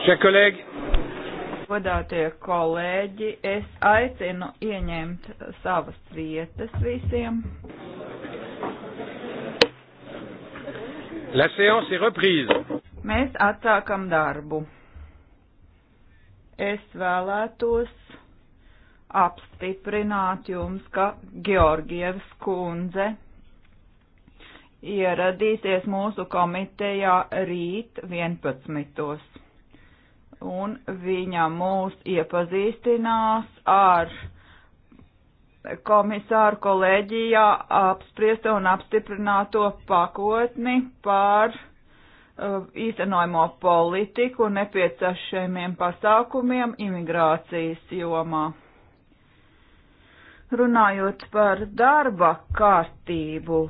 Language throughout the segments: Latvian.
Šie kolēģi. Godātie kolēģi, es aicinu ieņemt savas vietas visiem. La séance est reprise. Mēs atsākam darbu. Es vēlētos apstiprināt jums, ka Georgievs kundze ieradīsies mūsu komitejā rīt 11 un viņa mūs iepazīstinās ar komisāru kolēģijā apspriesto un apstiprināto pakotni par uh, īstenojamo politiku un nepieciešamiem pasākumiem imigrācijas jomā. Runājot par darba kārtību,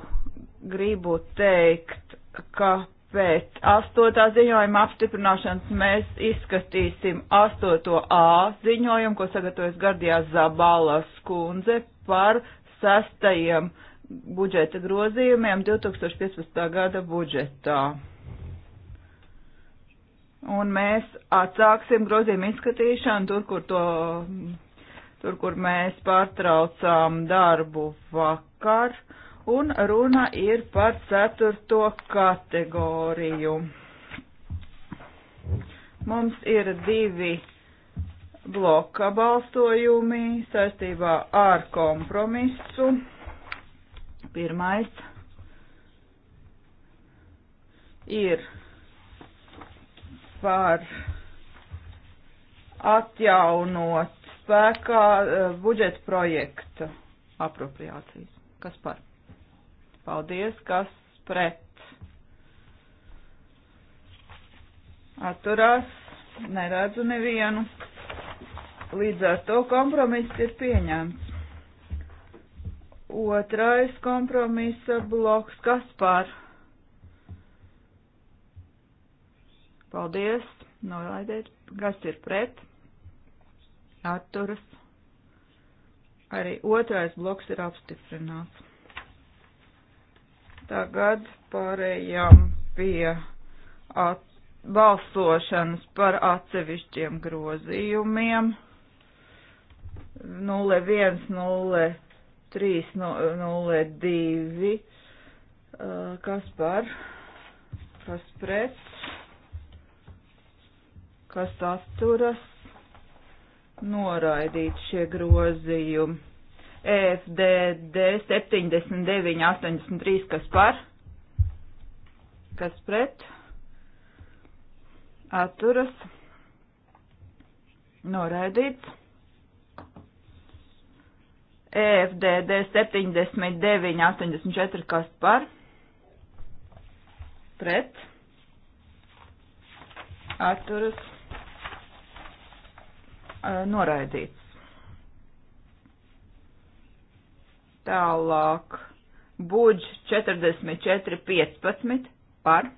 gribu teikt, ka Bet astotā ziņojuma apstiprināšanas mēs izskatīsim astoto A ziņojumu, ko sagatavojas Gardijā Zabalas kundze par sastajiem budžeta grozījumiem 2015. gada budžetā. Un mēs atsāksim grozījumu izskatīšanu tur, kur, to, tur, kur mēs pārtraucām darbu vakar. Uh, un runa ir par ceturto kategoriju. Mums ir divi bloka balstojumi saistībā ar kompromisu. Pirmais ir par atjaunot spēkā eh, budžeta projekta apropriācijas. Kas par? Paldies, kas pret. Atturās, neredzu nevienu. Līdz ar to kompromiss ir pieņemts. Otrais kompromisa bloks Kaspar. Paldies, nolaidiet, kas ir pret, atturas. Arī otrais bloks ir apstiprināts. Tagad pārējām pie at, balsošanas par atsevišķiem grozījumiem. 01, 03, 02. Kas par? Kas pret? Kas atturas? Noraidīt šie grozījumi. EFDD 79, 83, kas par, kas pret, atturas, noraidīts. EFDD 79, 84, kas par, pret, atturas, noraidīts. Tālāk. Budž 44.15 par.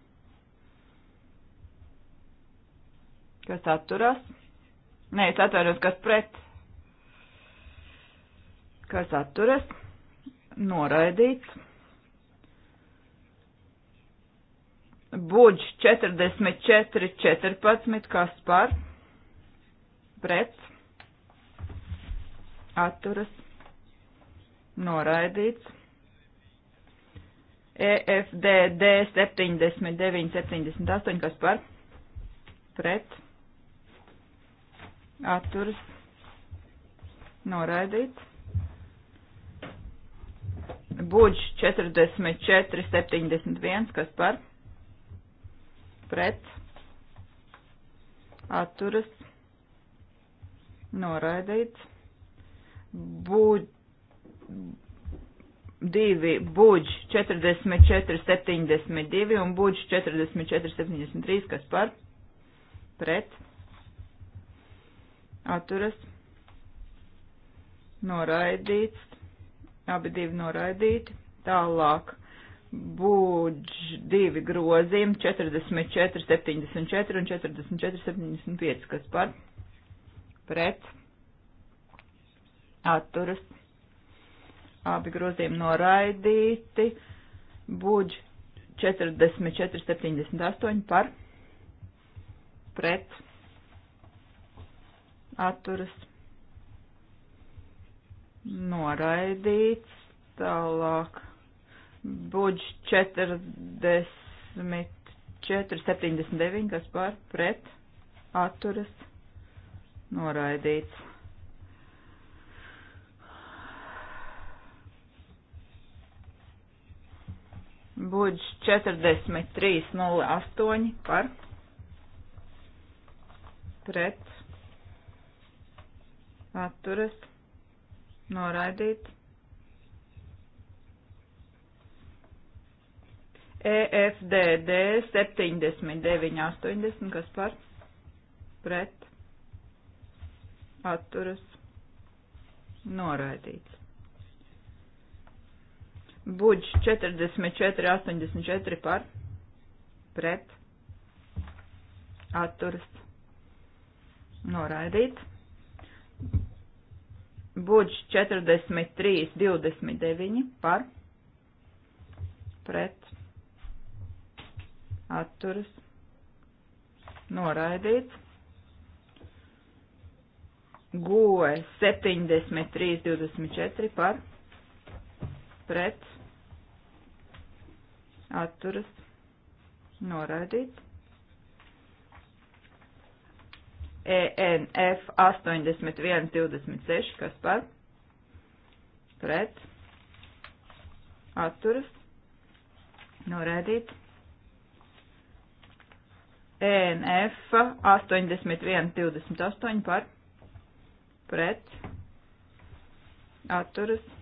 Kas atturas? Nē, es atvainojos, kas pret. Kas atturas? Noraidīts. Budž 44.14. Kas par? Pret. Atturas noraidīts. EFDD 79, 78, kas par pret atturas noraidīts. Budž 44, 71, kas par pret atturas noraidīts. Budž divi buģ 44,72 un buģ 44,73, kas par pret atturas noraidīts, abi divi noraidīti, tālāk buģ divi grozījumi 44,74 un 44,75, kas par pret atturas noraidīts abi grozījumi noraidīti. Budž 44,78 par pret atturas noraidīts. Tālāk budž 44,79, kas par pret atturas noraidīts. Budž 4308 par pret atturas noraidīt. EFDD 7980, kas par pret atturas noraidīts. Budž 44, 84 par pret atturas noraidīts. Budž 43, 29 par pret atturas noraidīts. Goe 73, 24 par pret pret, atturas, noraidīt. ENF 8126, kas par, pret, atturas, noraidīt. ENF 8128 par, pret, atturas, noraidīt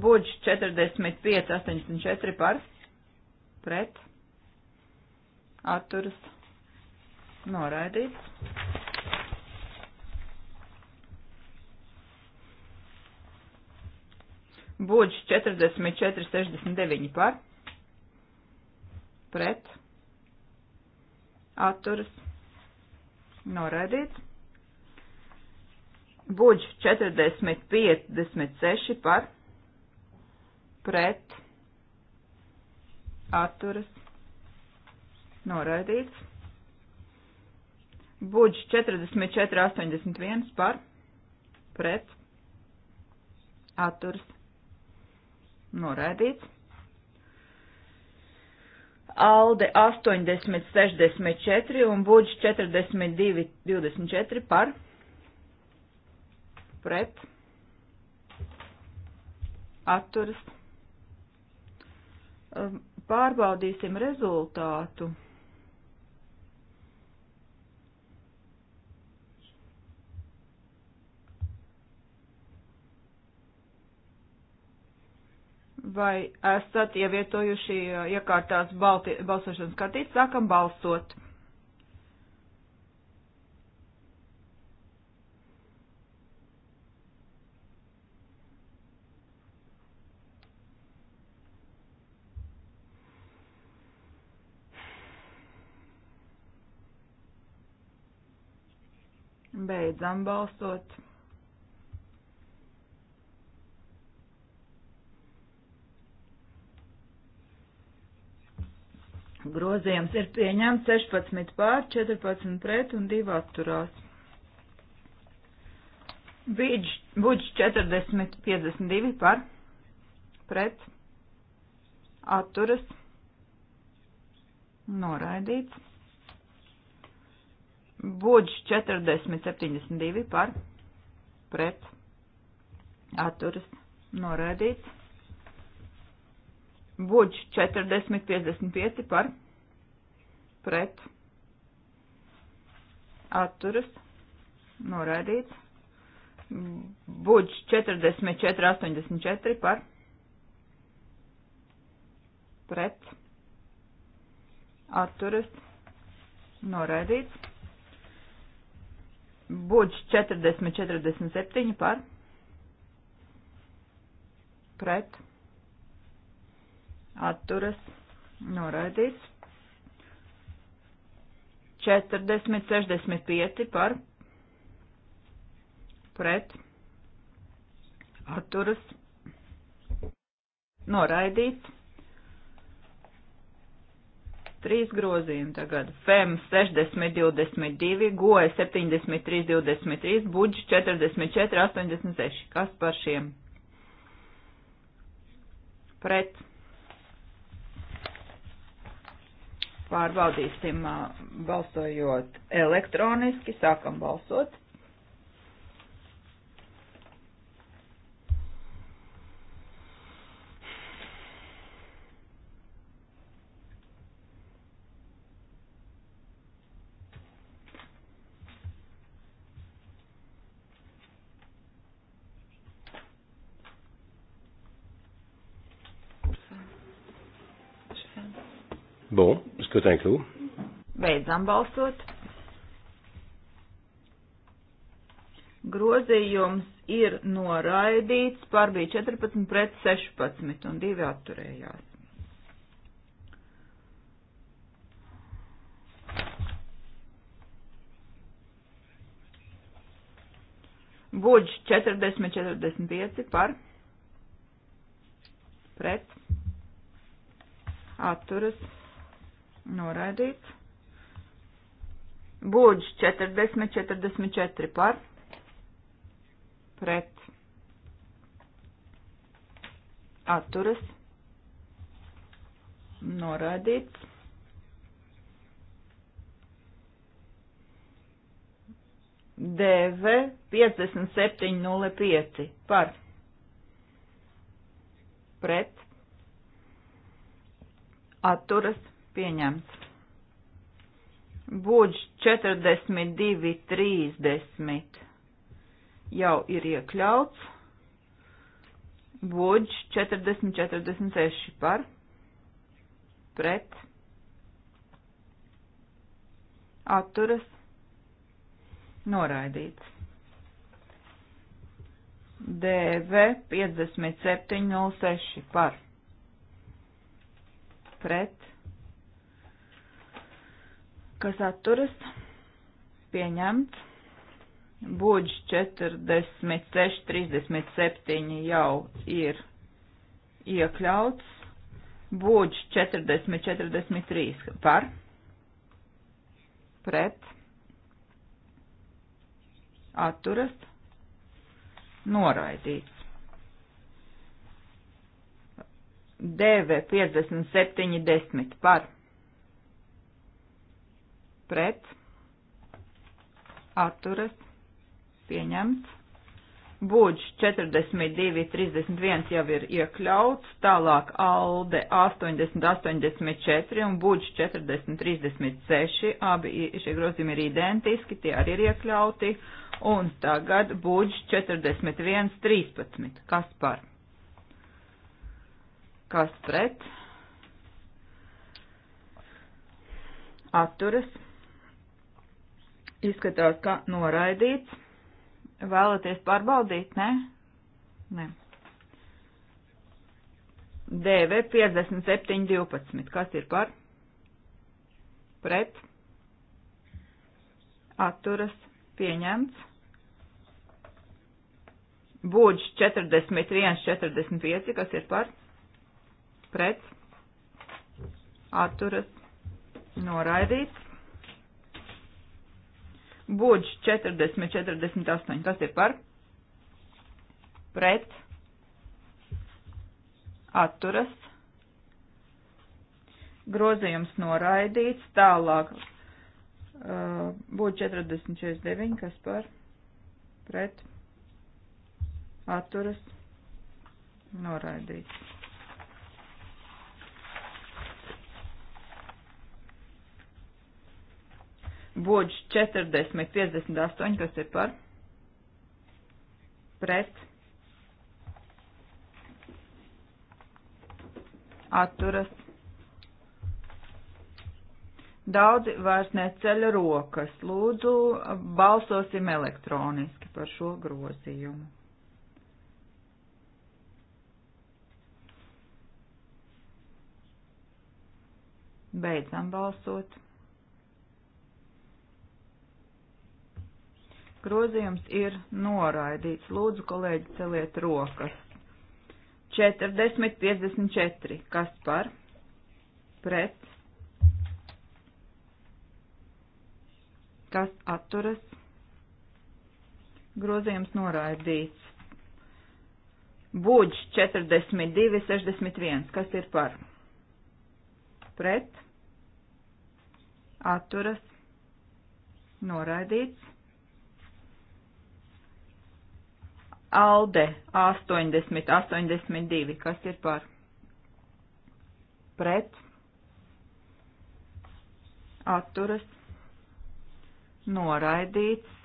Budž 45, 84 par, pret, atturas, noraidīts. Budž 44, 69 par, pret, atturas, noraidīts. Budž 40, 56 par, pret, atturas, noraidīts. Budž 44,81 par, pret, atturas, noraidīts. Alde 80,64 un budž 42,24 par, pret, atturas, noraidīts Um, pārbaudīsim rezultātu. Vai esat ievietojuši uh, iekārtās balti, balsošanas kartītes, sākam balsot. Beidzam balsot. Grozījums ir pieņemts 16 pār, 14 pret un 2 atturās. Budž 40, 52 par, pret, atturas, noraidīts. Budž 4072 par pret atturas noraidīts. Budž 4055 par pret atturas noraidīts. Budž 4484 par pret atturas noraidīts. Budž 40-47 par pret atturas noraidīts. 40-65 par pret atturas noraidīts trīs grozījumi, tagad FEM 60, 22, GOE 73, 23, BUDŽ 44, 86. Kas par šiem? Pret. Pārbaudīsim balsojot elektroniski, sākam balsot. Bon, skatāj kļū. Beidzam balsot. Grozījums ir noraidīts, pār bija 14 pret 16 un divi atturējās. Budž 40, 45 par pret atturas noraidīts. Būdž 40, 44 par, pret, atturas, noraidīts. DV 5705 par, pret, atturas, noraidīts pieņemts. Būdž 42, 30 jau ir iekļauts. Būdž 40, 46 par pret atturas noraidīts. DV 5706 par pret kas atturas, pieņemts. Budž 46, 37 jau ir iekļauts. Budž 40, 43 par, pret, atturas, noraidīts. Deve 57, 10 par pret, atturas, pieņemts. Budž 42, 31 jau ir iekļauts, tālāk ALDE 80, 84 un Budž 40, 36, abi šie grozījumi ir identiski, tie arī ir iekļauti, un tagad Budž 41, 13. Kas par? Kas pret? Atturas Izskatās, ka noraidīts. Vēlaties pārbaudīt, ne? Ne. DV 5712. Kas ir par? Pret. Atturas. Pieņemts. Būdž 41, 45, kas ir par? Pret. Atturas. Noraidīts. Budž 40, 48. Kas ir par? Pret. Atturas. Grozījums noraidīts. Tālāk. Uh, Budž 40, 49. Kas par? Pret. Atturas. Noraidīts. Budž 40, 58, kas ir par? Pret. Atturas. Daudzi vairs neceļ rokas. Lūdzu, balsosim elektroniski par šo grozījumu. Beidzam balsot. Grozījums ir noraidīts. Lūdzu, kolēģi, celiet rokas. 40, 54. Kas par? Pret. Kas atturas? Grozījums noraidīts. Budž 42, 61. Kas ir par? Pret. Atturas. Noraidīts. Alde 80, 82, kas ir par pret, atturas, noraidīts,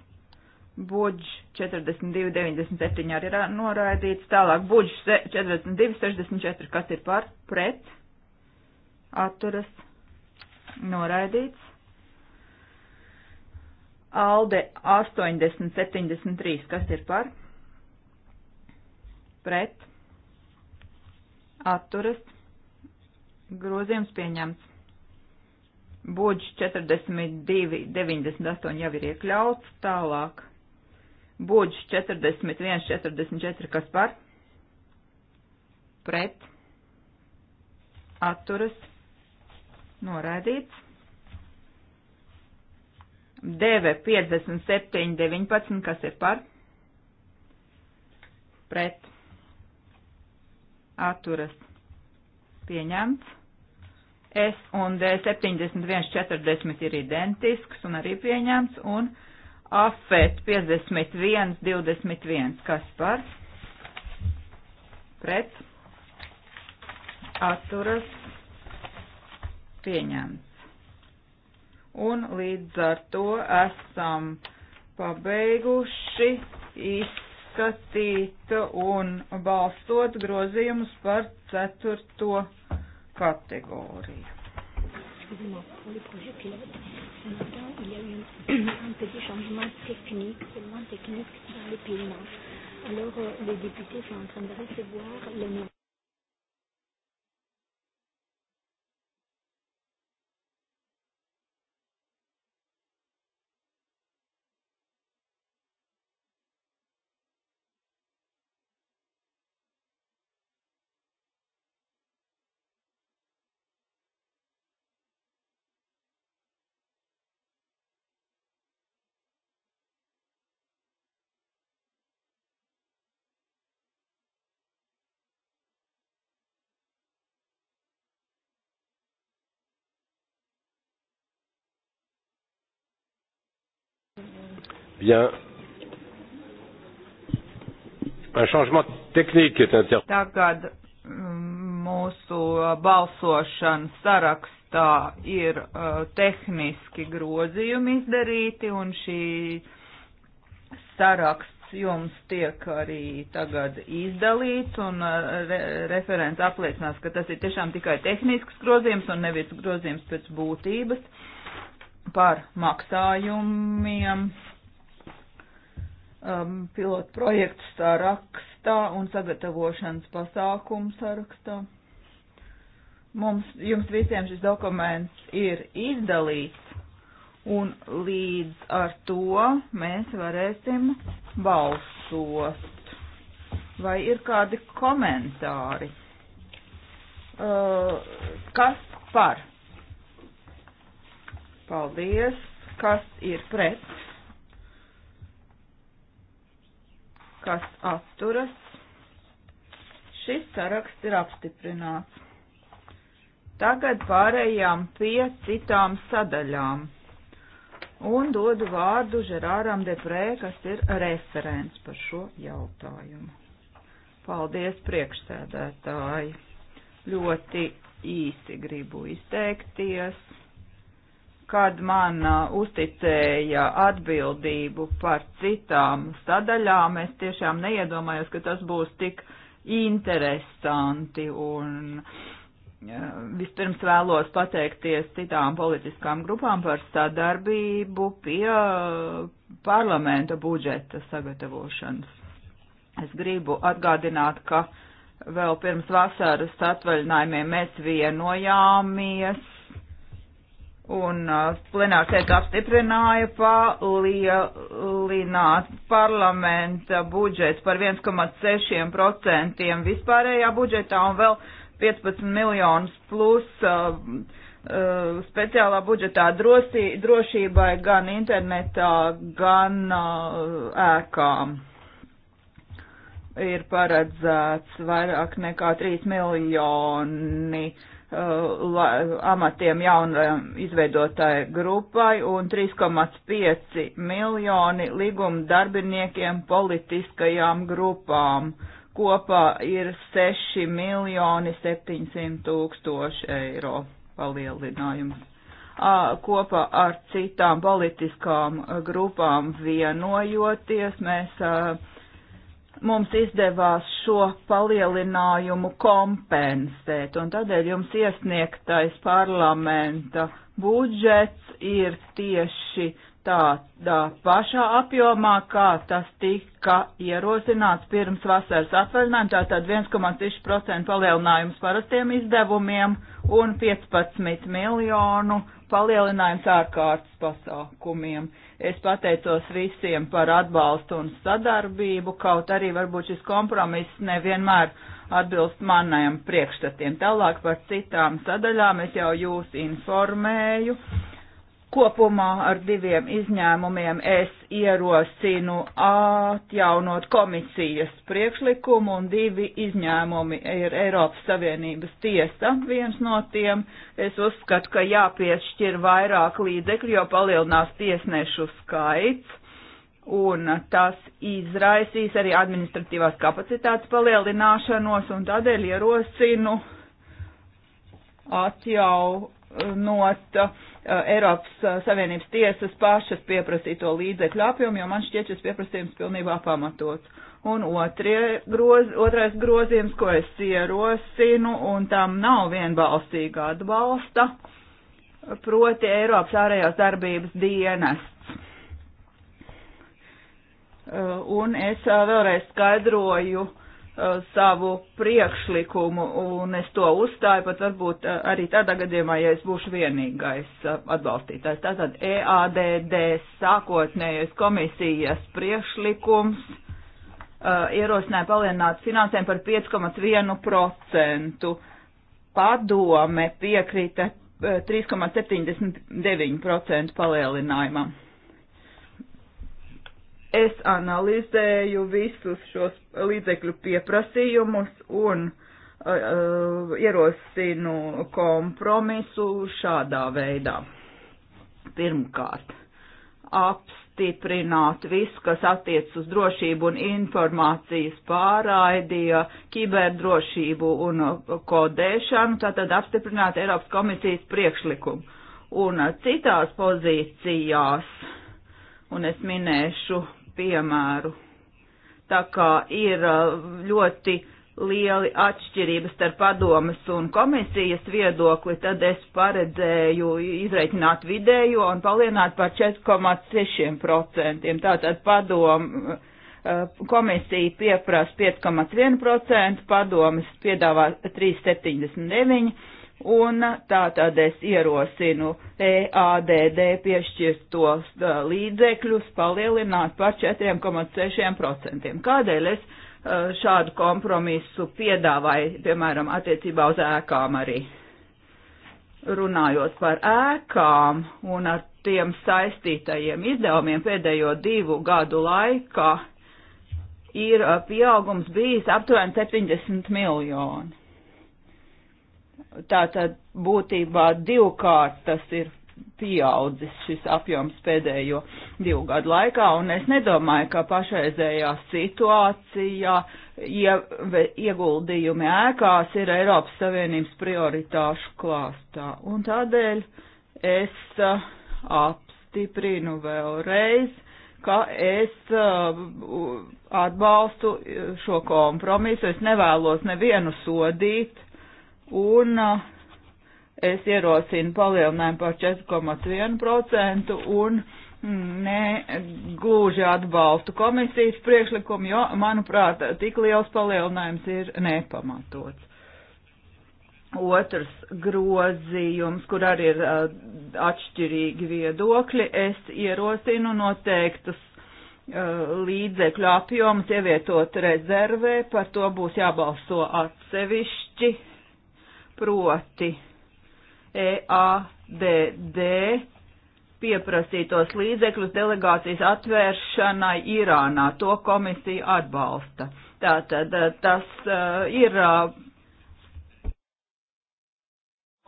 budž 42, 97 arī ir noraidīts, tālāk budž 42, 64, kas ir par pret, atturas, noraidīts. Alde 80, 73, kas ir par? pret, atturas, grozījums pieņemts. Budž 42, 98 jau ir iekļauts, tālāk. Budž 41, 44, kas par? Pret, atturas, noraidīts. Deve 57, 19, kas ir par? Pret, atturas pieņemts. S un D 71,40 ir identisks un arī pieņemts, un AFET 51,21, kas par pret atturas pieņemts. Un līdz ar to esam pabeiguši īsti izskatīt un balstot grozījumus par ceturto kategoriju. Alors, euh, les députés sont en train de recevoir les noms. Bien. Un changement technique est intervenu. Tagad mm, mūsu uh, balsošanas sarakstā ir uh, tehniski grozījumi izdarīti, un šī saraksts jums tiek arī tagad izdalīts, un uh, re referents apliecinās, ka tas ir tiešām tikai tehnisks grozījums un nevis grozījums pēc būtības. Uh, par maksājumiem um, pilotu projektu sarakstā un sagatavošanas pasākumu sarakstā. Mums, jums visiem šis dokuments ir izdalīts, un līdz ar to mēs varēsim balsot. Vai ir kādi komentāri? Uh, kas par? Paldies. Kas ir pret? Kas atturas? Šis saraksts ir apstiprināts. Tagad pārējām pie citām sadaļām. Un dodu vārdu Žerāram Deprē, kas ir referents par šo jautājumu. Paldies, priekšsēdētāji! Ļoti īsi gribu izteikties kad man uzticēja atbildību par citām sadaļām, es tiešām neiedomājos, ka tas būs tik interesanti un vispirms vēlos pateikties citām politiskām grupām par sadarbību pie parlamenta budžeta sagatavošanas. Es gribu atgādināt, ka vēl pirms vasaras atvaļinājumiem mēs vienojāmies un uh, plenārsēta apstiprināja palielināt parlamenta budžets par 1,6% vispārējā budžetā un vēl 15 miljonus plus uh, uh, speciālā budžetā droši, drošībai gan internetā, gan uh, ēkām. Ir paredzēts vairāk nekā 3 miljoni uh, Uh, amatiem jaunajam izveidotāju grupai un 3,5 miljoni līguma darbiniekiem politiskajām grupām. Kopā ir 6 miljoni 700 tūkstoši eiro palielinājums. Kopā ar citām politiskām grupām vienojoties mēs uh, mums izdevās šo palielinājumu kompensēt, un tādēļ jums iesniegtais parlamenta budžets ir tieši tādā pašā apjomā, kā tas tika ierosināts pirms vasaras atvaļinājuma, tātad 1,6% palielinājums parastiem izdevumiem un 15 miljonu palielinājums ārkārtas pasākumiem. Es pateicos visiem par atbalstu un sadarbību, kaut arī varbūt šis kompromiss nevienmēr atbilst manajam priekšstatiem. Tālāk par citām sadaļām es jau jūs informēju. Kopumā ar diviem izņēmumiem es ierosinu atjaunot komisijas priekšlikumu un divi izņēmumi ir Eiropas Savienības tiesa. Viens no tiem es uzskatu, ka jāpiešķir vairāk līdzekļu, jo palielinās tiesnešu skaits un tas izraisīs arī administratīvās kapacitātes palielināšanos un tādēļ ierosinu atjaunot paauglinot eh, Eiropas eh, Savienības tiesas pašas pieprasīto līdzekļu apjomu, jo man šķiet šis pieprasījums pilnībā pamatots. Un otrie, groz, otrais grozījums, ko es ierosinu, un tam nav vienbalsīga atbalsta, proti Eiropas ārējās darbības dienests. Eh, un es vēlreiz skaidroju, uh, Uh, savu priekšlikumu, un es to uzstāju pat varbūt uh, arī tādā gadījumā, ja es būšu vienīgais uh, atbalstītājs. Tātad EADD sākotnējais komisijas priekšlikums ierosināja palielināt finansēm par 5,1%. Padome piekrita 3,79% palielinājumam. Es analizēju visus šos līdzekļu pieprasījumus un uh, uh, ierosinu kompromisu šādā veidā. Pirmkārt, apstiprināt visu, kas attiec uz drošību un informācijas pārraidīja, kiberdrošību un kodēšanu, tātad apstiprināt Eiropas komisijas priekšlikumu. Un citās pozīcijās, un es minēšu piemēru. Tā kā ir uh, ļoti lieli atšķirības starp padomas un komisijas viedokli, tad es paredzēju izreikināt vidējo un palielināt par 4,6%. Tātad padoma uh, komisija pieprasa 5,1%, padomas piedāvā 3,79%. Un tā tad es ierosinu EADD piešķirtos līdzekļus palielināt par 4,6%. Kādēļ es šādu kompromisu piedāvāju, piemēram, attiecībā uz ēkām arī? Runājot par ēkām un ar tiem saistītajiem izdevumiem pēdējo divu gadu laikā ir pieaugums bijis aptuveni 70 miljoni Tātad būtībā divkārt tas ir pieaudzis šis apjoms pēdējo divu gadu laikā, un es nedomāju, ka pašreizējā situācijā ie, ieguldījumi ēkās ir Eiropas Savienības prioritāšu klāstā. Un tādēļ es uh, apstiprinu vēlreiz, ka es uh, atbalstu uh, šo kompromisu. Es nevēlos nevienu sodīt un eh, es ierosinu palielinājumu par 4,1% un mm, ne gluži atbalstu komisijas priekšlikumu, jo, manuprāt, tik liels palielinājums ir nepamatots. Otrs grozījums, kur arī ir uh, atšķirīgi viedokļi, es ierosinu noteiktus uh, līdzekļu apjomus ievietot rezervē, par to būs jābalso atsevišķi proti EADD pieprasītos līdzekļus delegācijas atvēršanai Irānā. To komisija atbalsta. Tātad eh, tas uh, ir uh,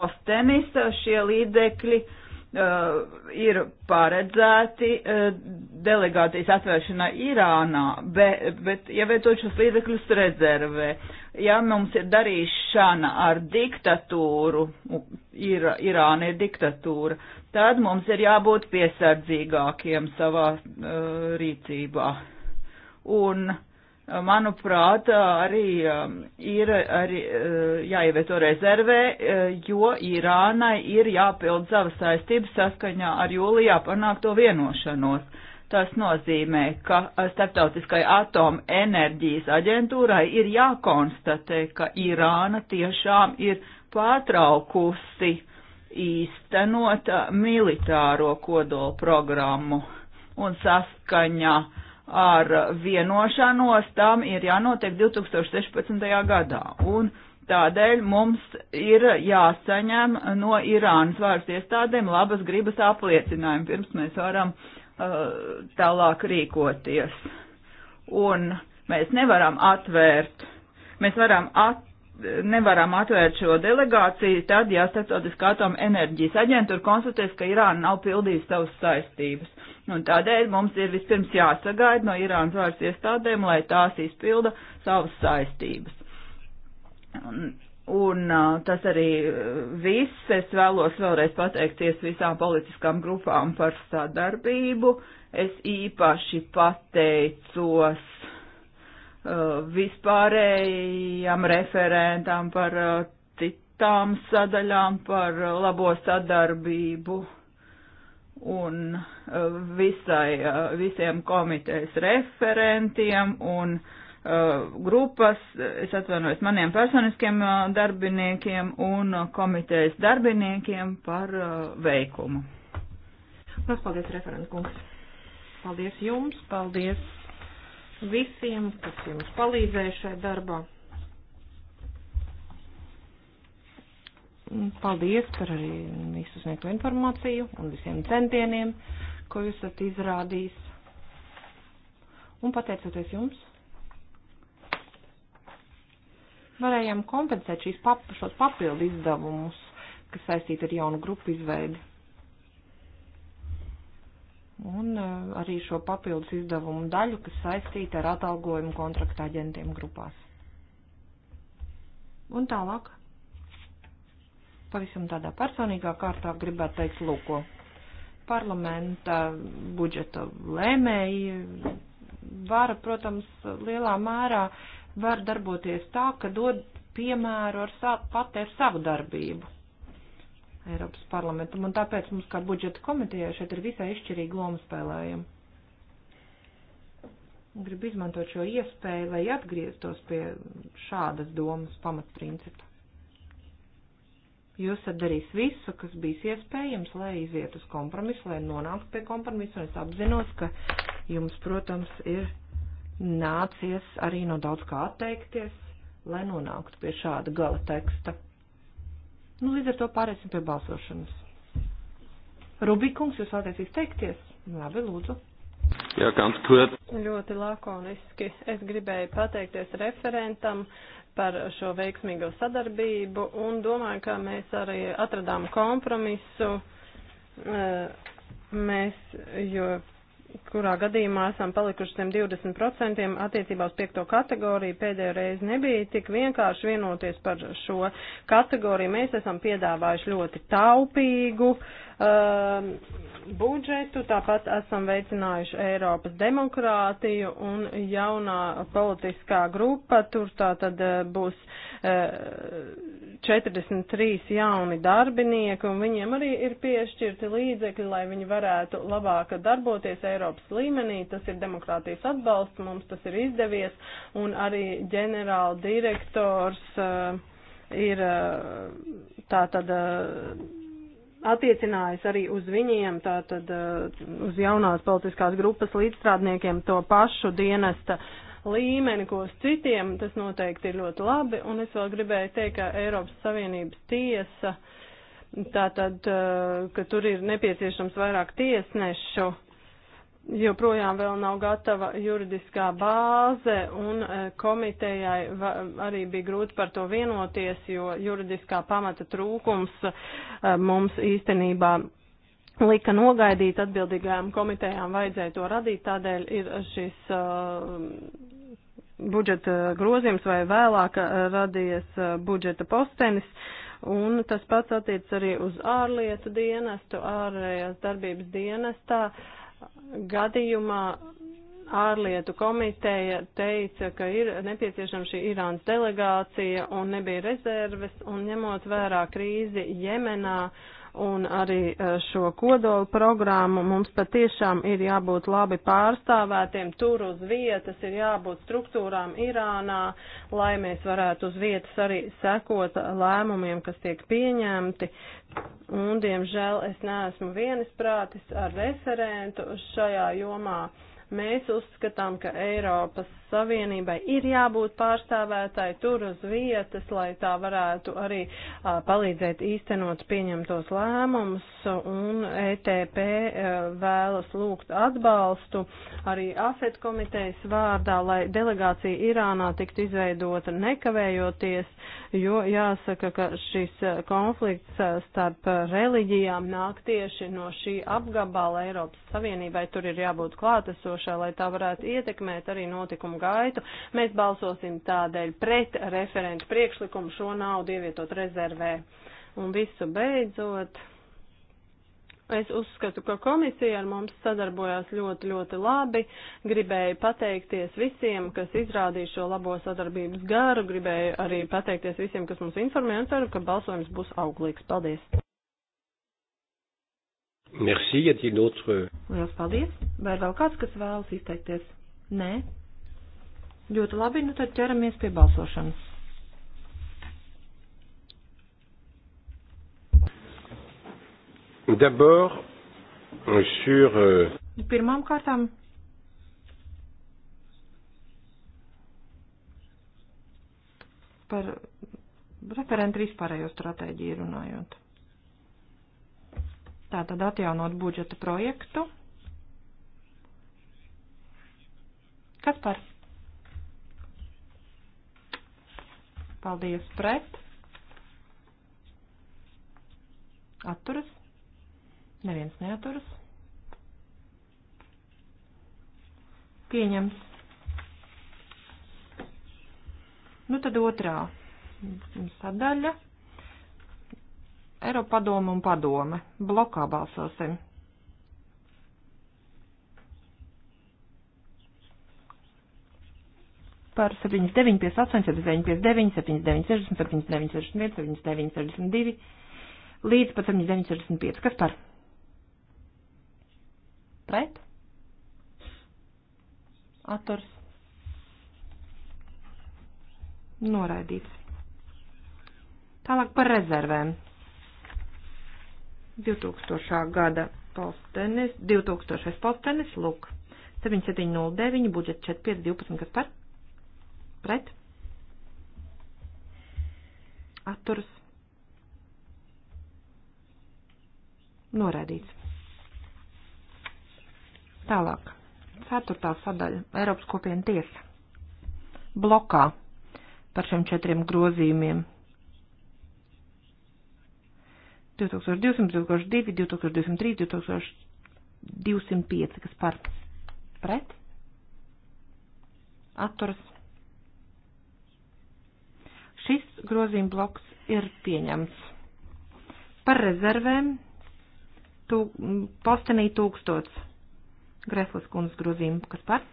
postenis, šie līdzekļi uh, Uh, ir paredzēti uh, delegācijas atvēršana Irānā, bet, bet ievietot šos līdzekļus rezervē. Ja mums ir darīšana ar diktatūru, ir, Irāna ir diktatūra, tad mums ir jābūt piesardzīgākiem savā uh, rīcībā. Un uh, manuprāt, arī um, ir arī, uh, jāievieto rezervē, uh, jo Irānai ir jāpild savas saistības saskaņā ar jūlijā panākto vienošanos. Tas nozīmē, ka uh, starptautiskai atomu enerģijas aģentūrai ir jākonstatē, ka Irāna tiešām ir pārtraukusi īstenot militāro kodolu programmu un saskaņā uh, ar vienošanos, tam ir jānotiek 2016. gadā. Un tādēļ mums ir jāsaņem no Irānas vārds iestādēm labas gribas apliecinājumu, pirms mēs varam uh, tālāk rīkoties. Un mēs nevaram atvērt, mēs varam atvērt nevaram atvērt šo delegāciju, tad, ja starptautiskā atoma enerģijas aģentūra konstatēs, ka Irāna nav pildījusi savas saistības. Nu, tādēļ mums ir vispirms jāsagaida no Irānas varas iestādēm, lai tās izpilda savas saistības. Un, Un tas arī viss. Es vēlos vēlreiz pateikties visām politiskām grupām par sadarbību. Es īpaši pateicos uh, vispārējām referentām par uh, citām sadaļām, par uh, labo sadarbību un uh, visai, uh, visiem komitejas referentiem un uh, grupas, es atvainojos maniem personiskiem darbiniekiem un komitejas darbiniekiem par veikumu. Lielas paldies, referents kungs. Paldies jums, paldies visiem, kas jums palīdzēja šai darbā. Mm, paldies par arī visu sniegto informāciju un visiem centieniem, ko jūs esat izrādījis. Un pateicoties jums, varējām kompensēt šīs pap, šos papildu izdevumus, kas saistīti ar jaunu grupu izveidi. Un uh, arī šo papildus izdevumu daļu, kas saistīta ar atalgojumu kontrakta aģentiem grupās. Un tālāk pavisam tādā personīgā kārtā gribētu teikt lūko. Parlamenta budžeta lēmēji vara, protams, lielā mērā var darboties tā, ka dod piemēru ar savu, pati ar savu darbību Eiropas parlamentam, un tāpēc mums kā budžeta komitejai šeit ir visai izšķirīgi loma spēlējama. Gribu izmantot šo iespēju, lai atgrieztos pie šādas domas pamatprincipa. Jūs esat darījis visu, kas bijis iespējams, lai iziet uz kompromisu, lai nonāktu pie kompromisu, un es apzinos, ka jums, protams, ir nācies arī no daudz kā atteikties, lai nonāktu pie šāda gala teksta. Nu, līdz ar to pārēsim pie balsošanas. Rubikungs, jūs vēlaties izteikties? Labi, lūdzu. Jā, ganz kurz. Ļoti lakoniski. Es gribēju pateikties referentam par šo veiksmīgo sadarbību un domāju, ka mēs arī atradām kompromisu. Eh, mēs, jo kurā gadījumā esam palikuši zem 20% attiecībā uz piekto kategoriju, pēdējo reizi nebija tik vienkārši vienoties par šo kategoriju. Mēs esam piedāvājuši ļoti taupīgu. Uh, budžetu, tāpat esam veicinājuši Eiropas demokrātiju un jaunā politiskā grupa, tur tā tad eh, būs 43 eh, jauni darbinieki un viņiem arī ir piešķirti līdzekļi, lai viņi varētu labāk darboties Eiropas līmenī, tas ir demokrātijas atbalsts, mums tas ir izdevies un arī ģenerāldirektors eh, ir tā tad attiecinājis arī uz viņiem, tātad eh, uz jaunās politiskās grupas līdzstrādniekiem to pašu dienesta līmeni, ko uz citiem, tas noteikti ir ļoti labi, un es vēl gribēju teikt, ka Eiropas Savienības tiesa, tātad, eh, ka tur ir nepieciešams vairāk tiesnešu, joprojām vēl nav gatava juridiskā bāze, un e, komitejai arī bija grūti par to vienoties, jo juridiskā pamata trūkums e, mums īstenībā lika nogaidīt atbildīgajām komitejām, vajadzēja to radīt, tādēļ ir šis e, budžeta grozījums vai vēlāk radies budžeta postenis. Un tas pats attiec arī uz ārlietu dienestu, ārējās darbības dienestā. Uh, gadījumā ārlietu komiteja teica, ka ir nepieciešama šī Irānas delegācija un nebija rezerves, un ņemot vērā krīzi Jemenā, uh, un arī e, šo kodolu programmu mums patiešām ir jābūt labi pārstāvētiem tur uz vietas, ir jābūt struktūrām Irānā, lai mēs varētu uz vietas arī sekot lēmumiem, kas tiek pieņemti. Un, diemžēl, es neesmu vienisprātis ar referentu šajā jomā. Uh, Mēs uzskatām, ka Eiropas Savienībai ir jābūt pārstāvētāji tur uz vietas, lai tā varētu arī a, palīdzēt īstenot pieņemtos lēmumus, un ETP a, vēlas lūgt atbalstu arī AFET komitejas vārdā, lai delegācija Irānā tiktu izveidota nekavējoties, jo jāsaka, ka šis konflikts starp reliģijām nāk tieši no šī apgabala Eiropas Savienībai, tur ir jābūt klātesoši priekšā, lai tā varētu ietekmēt arī notikumu gaitu. Mēs balsosim tādēļ pret referentu priekšlikumu šo naudu ievietot rezervē. Un visu beidzot. Es uzskatu, ka komisija ar mums sadarbojās ļoti, ļoti labi. Gribēju pateikties visiem, kas izrādīja šo labo sadarbības garu. Gribēju arī pateikties visiem, kas mums informēja un ceru, ka balsojums būs auglīgs. Paldies! Merci, ja ir d'autres. Euh? Lielas paldies. Vai ir vēl kāds, kas vēlas izteikties? Nē. Ļoti labi, nu tad ķeramies pie balsošanas. D'abord, sur. Euh, Pirmām kārtām. Par referentu vispārējo stratēģiju runājot tātad atjaunot budžeta projektu. Kas par? Paldies pret. Atturas. Neviens neaturas. Pieņems. Nu tad otrā sadaļa. Eiropadoma un padome. Blokā balsosim. Par 79, 58, 79, 59, 79, 60, 79, 61, 79, 62 līdz pat 79, 65. Kas par? Pret? Atturs. Noraidīts. Tālāk par rezervēm. 2000. gada postenis, 2000. postenis, lūk, 7709, budžets 4512, kas par? Pret? Atturs. Norēdīts. Tālāk. Ceturtā sadaļa. Eiropas kopiena tiesa. Blokā par šiem četriem grozījumiem 2200, 2002, 2203, 2205, kas par pret atturas. Šis grozījuma bloks ir pieņemts. Par rezervēm tū, postenī tūkstots Grēslas kundas grozījuma, kas par?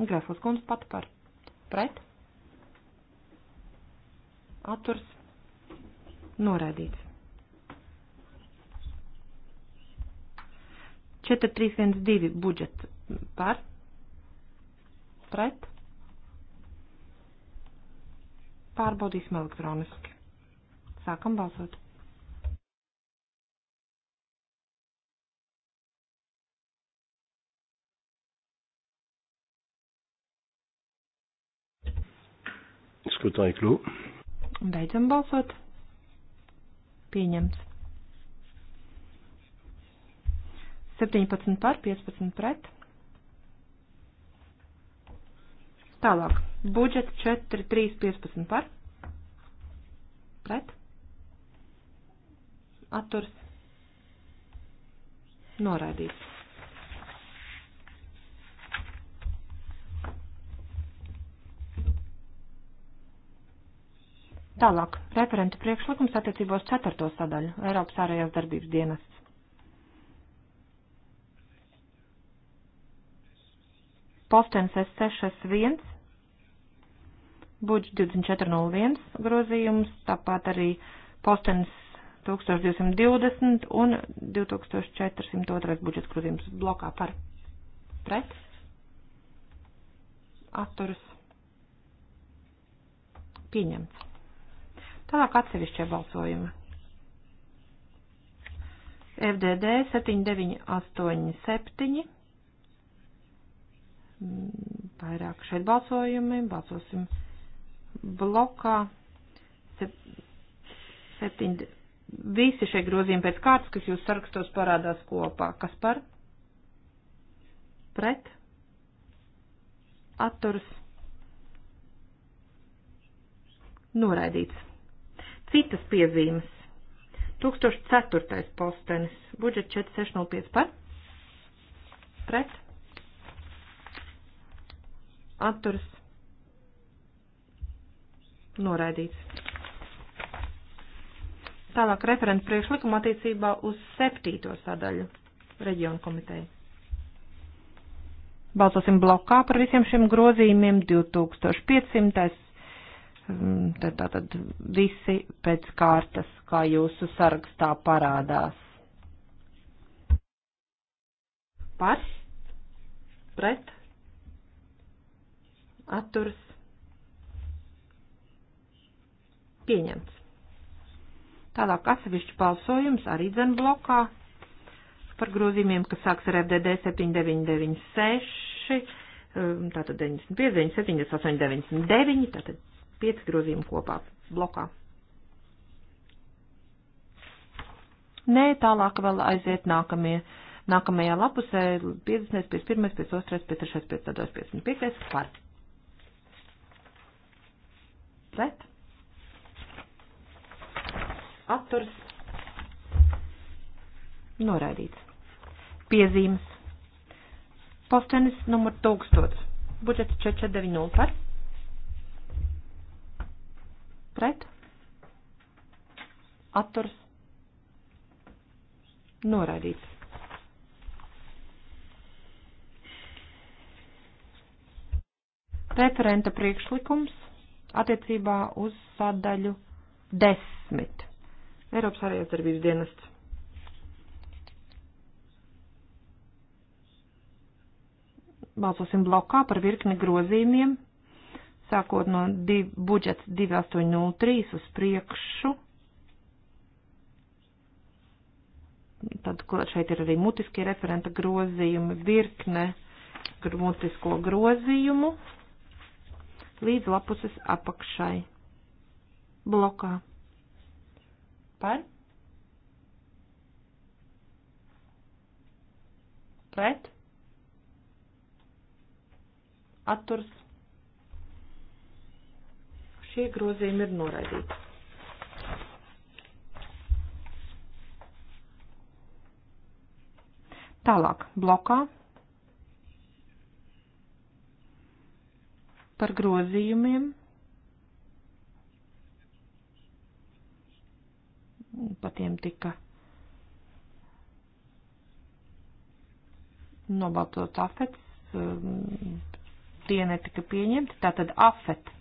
Grēslas kundas pat par. Pret? Atturs Noraidīts. 4312 budžets par, pret. Pārbaudīsim elektroniski. Sākam balsot. Skatāju kļū. Beidzam balsot. Pieņemts. 17 par 15 pret. Tālāk. Budžets 4, 3, 15 par. Pret. Atturs. Noraidīts. Tālāk, referenta priekšlikums attiecībos ceturto sadaļu - Eiropas ārējās darbības dienests. Postens S661, budžets 2401 grozījums, tāpat arī postens 1220 un 2402 budžets grozījums blokā par pret atturas pieņemts. Tālāk atsevišķie balsojumi. FDD 7987. Mm, vairāk šeit balsojumi. Balsosim blokā. Sep, septiņ, visi šie grozījumi pēc kārtas, kas jūs sarakstos parādās kopā. Kas par? Pret? Atturs? Noraidīts. Citas piezīmes. 1004. postenis. Budžets 4605 par. Pret. Atturs. Noraidīts. Tālāk referents priekšlikuma attiecībā uz septīto sadaļu reģionu komiteju. Balsosim blokā par visiem šiem grozījumiem 2500, Mm, tad, tātad visi pēc kārtas, kā jūsu sarakstā parādās. Par, pret, atturs, pieņemts. Tālāk atsevišķu balsojums arī dzen blokā par grozījumiem, kas sāks ar FDD 7996, um, tātad 95, 97, 98, 99, tātad pieci grozījumi kopā blokā. Nē, tālāk vēl aiziet nākamie, nākamajā lapusē 50, 51, 52, 53, 54, 55 par. Pret. Atturs. Noraidīts. Piezīmes. Postenis numur 1000. Budžets 490 par pret, atturs, noraidīts. Referenta priekšlikums attiecībā uz sadaļu desmit. Eiropas ārējās darbības dienests. Balsosim blokā par virkni grozījumiem sākot no div, budžets 2803 uz priekšu. Tad šeit ir arī mutiskie referenta grozījumi, virkne mutisko grozījumu līdz lapuses apakšai blokā. Par? Pret? Atturs Šie grozījumi ir noraidīti. Tālāk blokā par grozījumiem, patiem tika nobaltot afets, um, tie netika pieņemti, tātad afet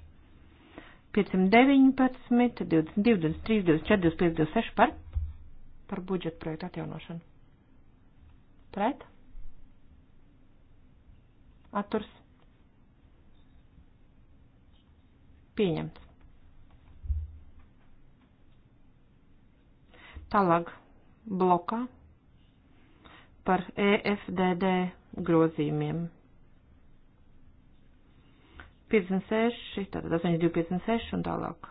519, 22, 23, 24, 25, 26 par, par budžeta projektu atjaunošanu. Pret? Atturs? Pieņemts. Tālāk blokā par EFDD grozījumiem 56, tātad 8256 un tālāk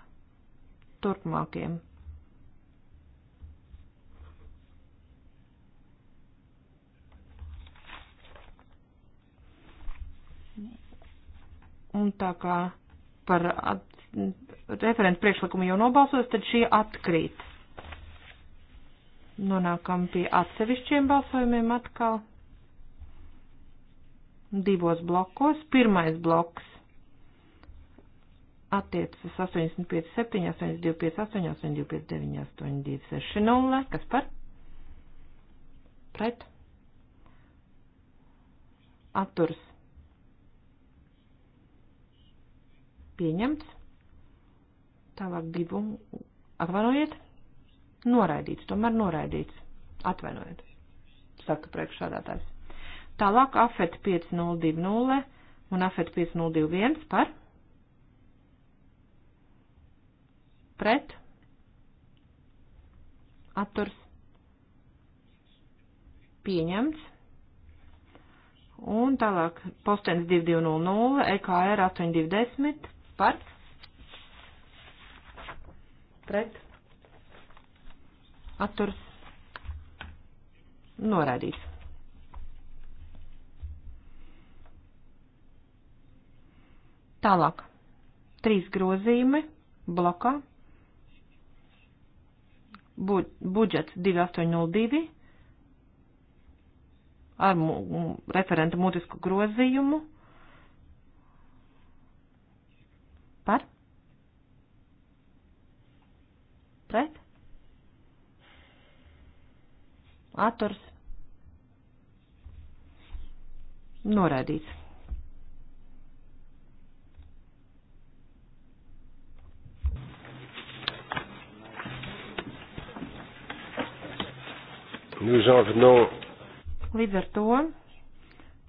turpmākiem. Un tā kā par at, referentu priekšlikumu jau nobalsos, tad šie atkrīt. Nonākam pie atsevišķiem balsojumiem atkal. Divos blokos. Pirmais bloks attiecas 85, 7, 8, 2, 5, 8, 8, 2, 5, 9, 8, 2, 6, 0. Kas par? Pret. Atturs. Pieņemts. Tālāk divu. Atvainojiet. Noraidīts. Tomēr noraidīts. Atvainojiet. Saka priekšsādātājs. Tālāk afet 5020 un afet 5021 par pret, atturs pieņemts. Un tālāk postens 2200, EKR 8210 par pret atturs norādīts. Tālāk. Trīs grozījumi blokā budžets 2802 ar mu, referenta mutisku grozījumu par pret atturs noraidīts. nous en venons. Līdz ar to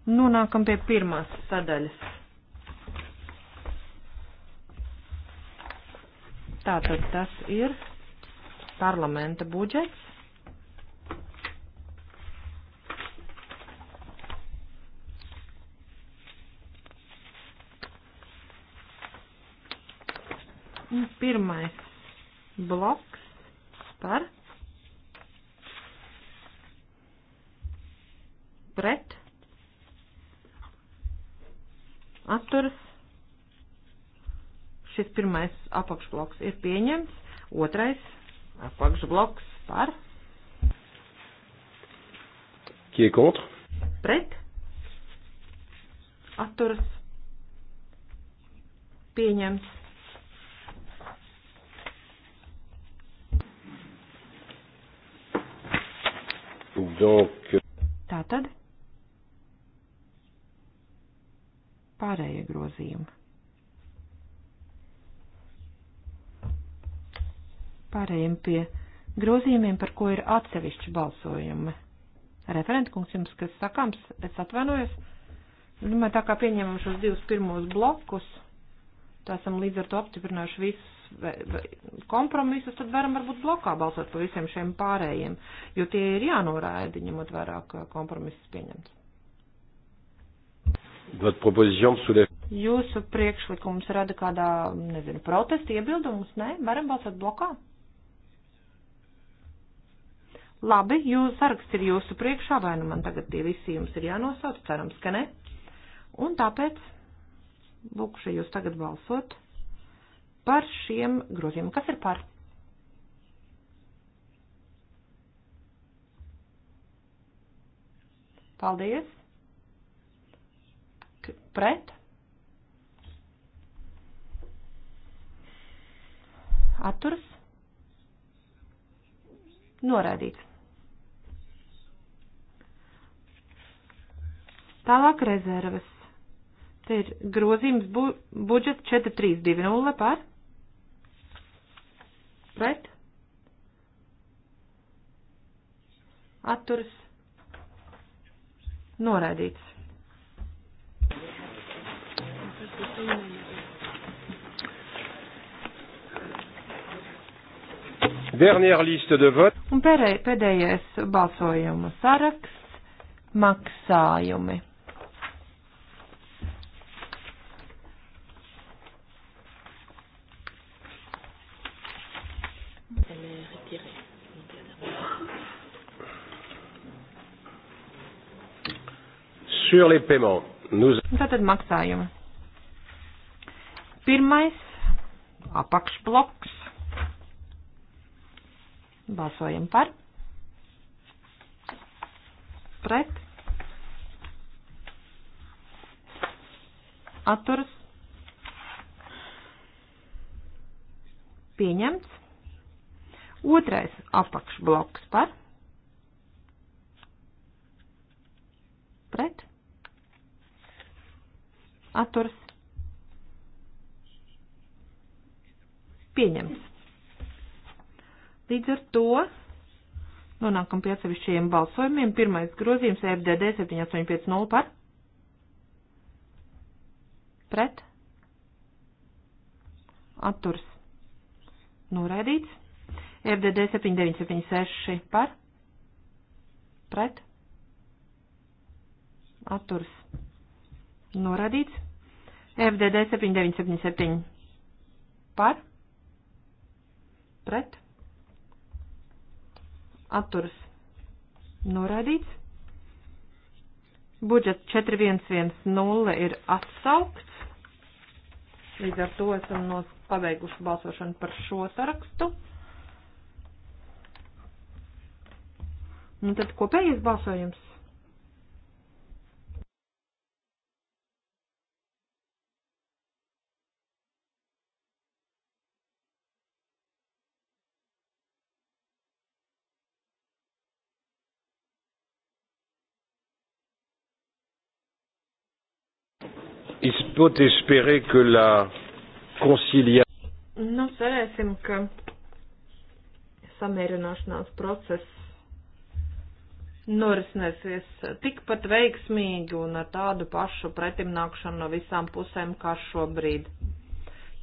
nonākam pie pirmās sadaļas. Tātad tas ir parlamenta budžets. Pirmais bloks apakšbloks ir pieņemts. Otrais apakšbloks par. Kie kontr? Pret. Atturas. Pieņemts. Donc... Tātad pārējie grozījumi. Pārējiem pie grozījumiem, par ko ir atsevišķi balsojumi. Referentkungs jums, kas sakāms, es atvainojos. Domāju, nu, tā kā pieņemam šos divus pirmos blokus, tā esam līdz ar to apstiprinājuši visus kompromisus, tad varam varbūt blokā balsot par visiem šiem pārējiem, jo tie ir jānorāda, ņemot vairāk kompromisus pieņemts. Jūsu priekšlikums rada kādā, nezinu, protestu iebildumus, ne? Varam balsot blokā? Labi, jūsu saraksts ir jūsu priekšā, vai nu man tagad tie visi jums ir jānosauc, cerams, ka ne. Un tāpēc lūkšu jūs tagad balsot par šiem grozījumiem. Kas ir par? Paldies. K pret. Atturs. Noraidīts. Tālāk rezervas. Te ir grozījums bu budžets 4320 par. Pret. Atturas. Noraidīts. Dernière liste de vote. Un pēdējais balsojumu saraksts maksājumi. Sur les paiements, nous... Tātad maksājumi. Pirmais apakšbloks. Balsojam par. Pret. Atturas. Pieņemts. Otrais apakšbloks par. Pret atturas pieņemts. Līdz ar to nonākam pie atsevišķajiem balsojumiem. Pirmais grozījums e FDD 7850 par. Pret. Atturs. Noraidīts. E FDD 7976 par. Pret. Atturs. Noradīts. FDD 7977 par. Pret. Atturas. Noradīts. Budžets 4110 ir atsaukts. Līdz ar to esam nos pabeiguši balsošanu par šo sarakstu. Nu tad kopējais balsojums. peut espérer que la conciliation. Nu, cerēsim, ka samierināšanās process norisināsies tikpat veiksmīgi un ar tādu pašu pretimnākšanu no visām pusēm kā šobrīd.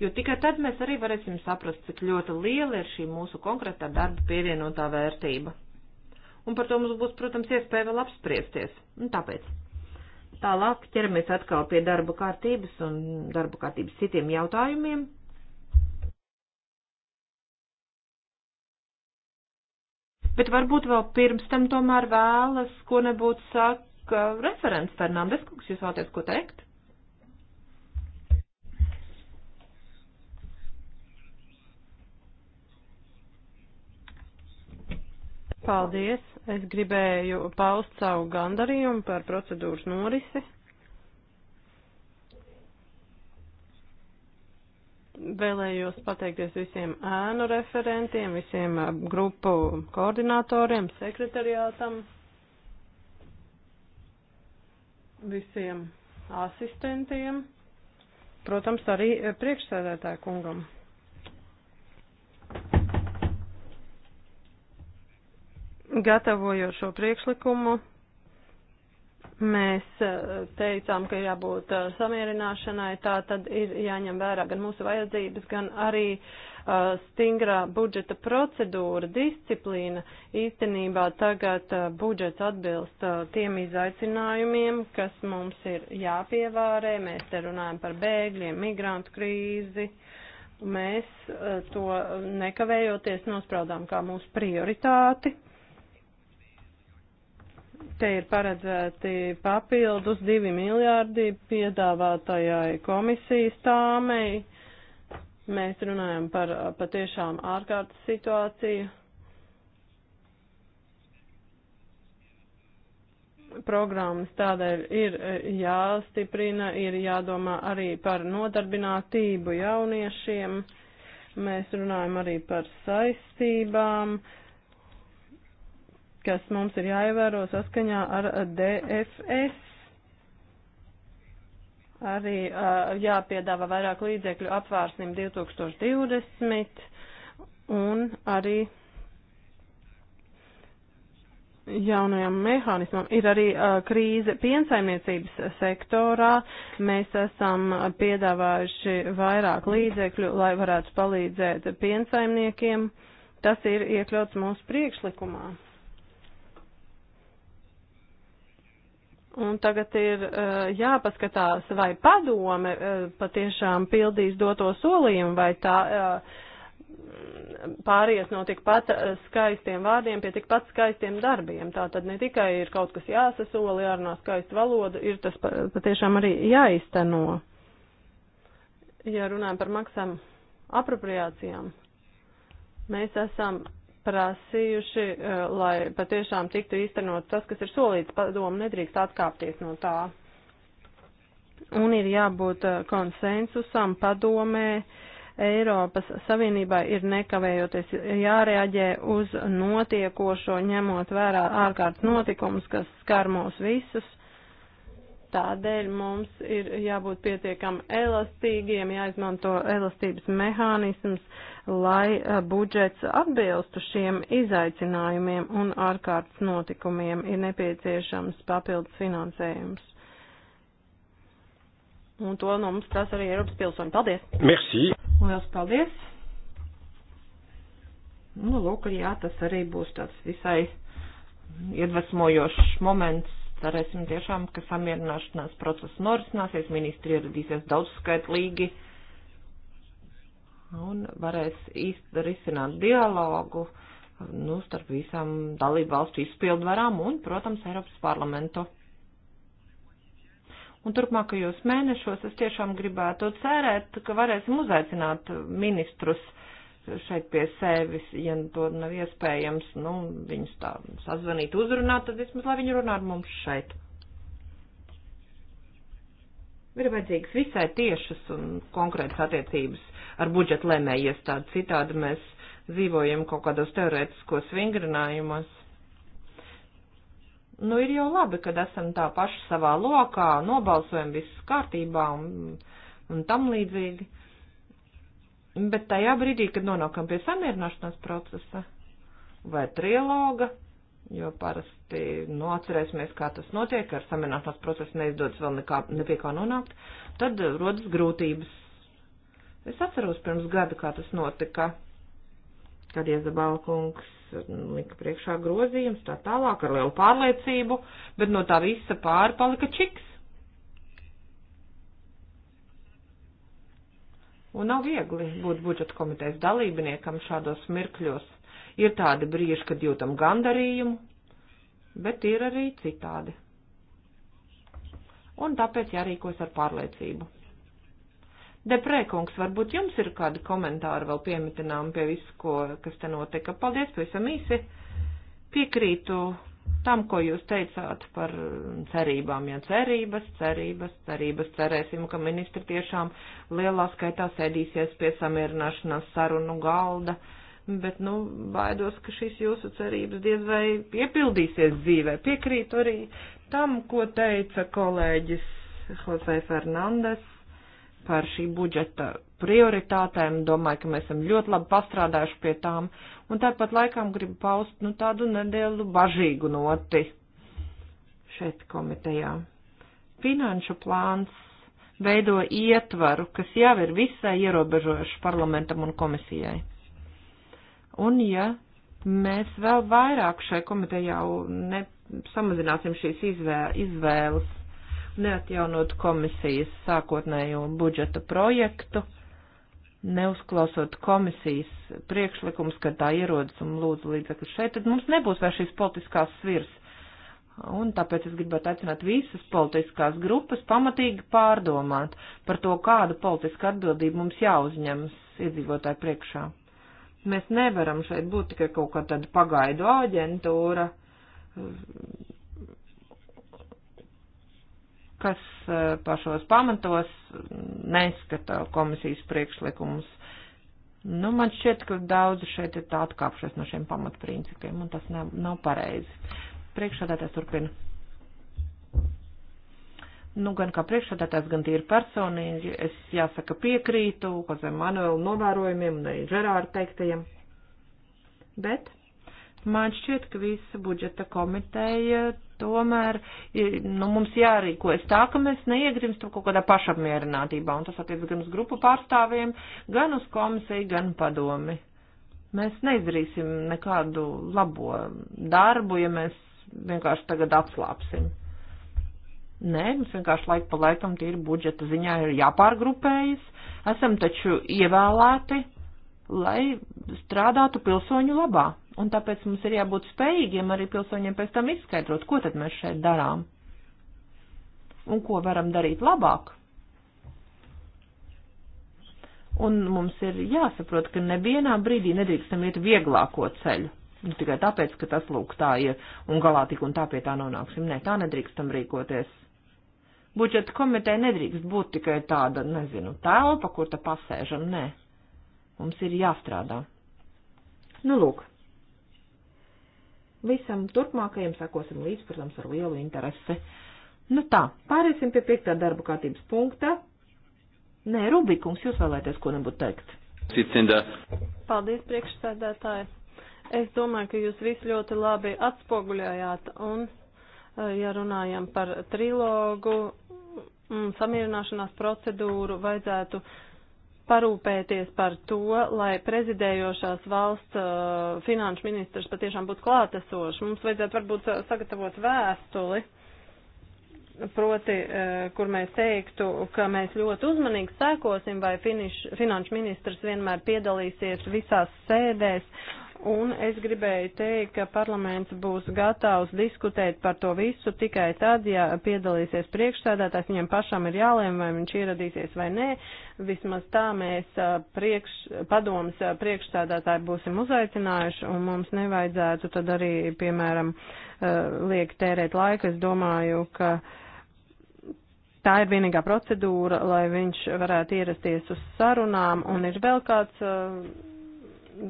Jo tikai tad mēs arī varēsim saprast, cik ļoti liela ir šī mūsu konkrētā darba pievienotā vērtība. Un par to mums būs, protams, iespēja vēl apspriesties. Un tāpēc Tālāk ķeramies atkal pie darba kārtības un darba kārtības citiem jautājumiem. Bet varbūt vēl pirms tam tomēr vēlas, ko nebūtu saka referents Fernandes kungs, jūs vēlaties ko teikt? Paldies Es gribēju paust savu gandarījumu par procedūras norisi. vēlējos pateikties visiem ēnu referentiem, visiem grupu koordinatoriem, sekretariātam, visiem asistentiem, protams, arī priekšsēdētāju kungam. Gatavojot šo priekšlikumu, mēs eh, teicām, ka jābūt eh, samierināšanai, tā tad ir jāņem vērā gan mūsu vajadzības, gan arī uh, stingrā budžeta procedūra, disciplīna. Īstenībā tagad uh, budžets atbilst uh, tiem izaicinājumiem, kas mums ir jāpievārē. Mēs te runājam par bēgļiem, migrantu krīzi. Mēs to nekavējoties nospraudām kā mūsu prioritāti. Te ir paredzēti papildus divi miljārdi piedāvātajai komisijas tāmei. Mēs runājam par uh, patiešām ārkārtas situāciju. Programmas tādēļ ir uh, jāstiprina, ir jādomā arī par nodarbinātību jauniešiem. Mēs runājam arī par saistībām. Uh, kas mums ir jāievēro saskaņā ar DFS. Arī uh, jāpiedāvā vairāk līdzekļu apvārsnim 2020 un arī jaunajam mehānismam ir arī uh, krīze piensaimniecības sektorā. Mēs esam piedāvājuši vairāk līdzekļu, lai varētu palīdzēt piensaimniekiem. Tas ir iekļauts mūsu priekšlikumā. Un tagad ir uh, jāpaskatās, vai padome uh, patiešām pildīs doto solījumu, vai tā uh, pāries no tikpat skaistiem vārdiem pie tikpat skaistiem darbiem. Tā tad ne tikai ir kaut kas jāsasola, jārunā skaista valoda, ir tas patiešām arī jāizteno. Ja runājam par maksām apropriācijām, mēs esam prasījuši, eh, lai patiešām tiktu īstenot tas, kas ir solīts, padomu nedrīkst atkāpties no tā. Un ir jābūt eh, konsensusam, padomē, Eiropas Savienībai ir nekavējoties jārēģē uz notiekošo, ņemot vērā ārkārtas notikumus, kas skar mūs visus Tādēļ mums ir jābūt pietiekami elastīgiem, jāizmanto elastības mehānisms, lai eh, budžets atbilstu šiem izaicinājumiem un ārkārtas notikumiem ir nepieciešams papildus finansējums. Un to no mums prasa arī Eiropas pilsoņi. Paldies! Merci! Lielas paldies! Nu, lūk, jā, tas arī būs tāds visai iedvesmojošs moments Cerēsim tiešām, ka samierināšanās process norisināsies, ministri ieradīsies daudzskaitlīgi un varēs izdarīt dialogu nu, starp visām dalību valstu izpildvarām un, protams, Eiropas parlamentu. Un turpmākajos mēnešos es tiešām gribētu cerēt, ka varēsim uzaicināt ministrus uh, šeit pie sevis, ja to nav iespējams, nu, viņus tā sazvanīt, uzrunāt, tad vismaz, lai viņi runā ar mums šeit. Ir vajadzīgs visai tiešas un konkrētas attiecības ar budžetu lēmēju iestādi, citādi mēs dzīvojam kaut kādos teorētiskos vingrinājumos. Nu, ir jau labi, kad esam tā paši savā lokā, nobalsojam viss kārtībā un, un tam līdzīgi Bet tajā brīdī, kad nonākam pie samierināšanās procesa vai triloga, jo parasti nu, atcerēsimies, kā tas notiek, ar samierināšanās procesu neizdodas vēl nekā, nepie kā nonākt, tad eh, rodas grūtības. Es atceros pirms gada, kā tas notika, kad Iezabalkungs nu, lika priekšā grozījums tā tālāk ar lielu pārliecību, bet no tā visa pāri palika čiks. Un nav viegli būt budžeta komitejas dalībniekam šādos mirkļos. Ir tādi brīži, kad jūtam gandarījumu, bet ir arī citādi. Un tāpēc jārīkos ar pārliecību. Deprēkungs, varbūt jums ir kādi komentāri vēl piemitinām pie visu, ko, kas te notika. Paldies, pavisam īsi. Piekrītu tam, ko jūs teicāt par cerībām, jo cerības, cerības, cerības cerēsim, ka ministri tiešām lielā skaitā sēdīsies pie samierināšanās sarunu galda, bet, nu, baidos, ka šīs jūsu cerības diez vai piepildīsies dzīvē. Piekrītu arī tam, ko teica kolēģis Jose Fernandes par šī budžeta prioritātēm. Domāju, ka mēs esam ļoti labi pastrādājuši pie tām. Un tāpat laikām gribu paust nu, tādu nedēļu bažīgu noti šeit komitejā. Finanšu plāns veido ietvaru, kas jau ir visai ierobežojuši parlamentam un komisijai. Un ja mēs vēl vairāk šai komitejā ne, samazināsim šīs izvēles, neatjaunot komisijas sākotnējo budžeta projektu, neuzklausot komisijas priekšlikums, kad tā ierodas un lūdzu līdzekļu šeit, tad mums nebūs vairs šīs politiskās svirs. Un tāpēc es gribētu aicināt visas politiskās grupas pamatīgi pārdomāt par to, kādu politisku atbildību mums jāuzņemas iedzīvotāju priekšā. Mēs nevaram šeit būt tikai kaut kā tāda pagaidu aģentūra, kas eh, pašos pamatos neskata komisijas priekšlikumus. Nu, man šķiet, ka daudzi šeit ir tā atkāpšies no šiem pamatprincipiem, un tas nav, nav pareizi. Priekšsādātājs turpina. Nu, gan kā priekšsādātājs, gan tīri personīgi, es jāsaka piekrītu, ko zem Manuela novērojumiem un arī Žerāra teiktajiem. Bet man šķiet, ka visa budžeta komiteja tomēr nu, mums jārīkojas tā, ka mēs neiegrimstam kaut kādā pašapmierinātībā, un tas attiec gan uz grupu pārstāvjiem, gan uz komisiju, gan padomi. Mēs neizdarīsim nekādu labo darbu, ja mēs vienkārši tagad atslāpsim. Nē, mums vienkārši laik pa laikam tīri budžeta ziņā ir jāpārgrupējas. Esam taču ievēlēti, lai strādātu pilsoņu labā. Un tāpēc mums ir jābūt spējīgiem arī pilsoņiem pēc tam izskaidrot, ko tad mēs šeit darām un ko varam darīt labāk. Un mums ir jāsaprot, ka nevienā brīdī nedrīkstam iet vieglāko ceļu. Nu, tikai tāpēc, ka tas lūk tā ir un galā tik un tā pie tā nonāksim. Nē, tā nedrīkstam rīkoties. Budžeta komiteja nedrīkst būt tikai tāda, nezinu, telpa, kur te pasēžam. Nē, mums ir jāstrādā. Nu, lūk visam turpmākajam sekosim līdz, protams, ar lielu interesi. Nu tā, pāriesim pie piektā darba kārtības punkta. Nē, Rubikungs, jūs vēlēties ko nebūt teikt. Cicinda. Paldies, priekšsēdētāji. Es domāju, ka jūs visi ļoti labi atspoguļojāt un, eh, ja runājam par trilogu, mm, samierināšanās procedūru, vajadzētu uh, parūpēties par to, lai prezidējošās valsts uh, finanšu ministrs patiešām būtu klātesošs. Mums vajadzētu varbūt sagatavot vēstuli, proti, uh, kur mēs teiktu, ka mēs ļoti uzmanīgi sēkosim, vai finiš, finanšu ministrs vienmēr piedalīsies visās sēdēs Un es gribēju teikt, ka parlaments būs gatavs diskutēt par to visu tikai tad, ja piedalīsies priekšsēdētājs, viņam pašam ir jālēm, vai viņš ieradīsies vai nē. Vismaz tā mēs priekš, padomas priekšsēdētāji būsim uzaicinājuši, un mums nevajadzētu tad arī, piemēram, liek tērēt laiku. Es domāju, ka tā ir vienīgā procedūra, lai viņš varētu ierasties uz sarunām, un ir vēl kāds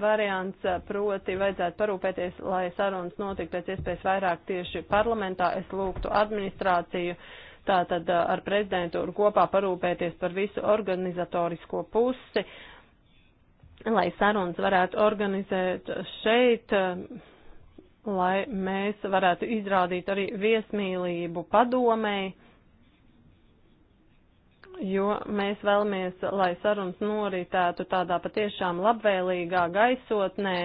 variants, eh, proti vajadzētu parūpēties, lai sarunas notiktu pēc iespējas vairāk tieši parlamentā. Es lūgtu administrāciju tātad eh, ar prezidentūru kopā parūpēties par visu organizatorisko pusi, lai sarunas varētu organizēt šeit, eh, lai mēs varētu izrādīt arī viesmīlību padomēji jo mēs vēlamies, lai sarunas noritētu tādā patiešām labvēlīgā gaisotnē,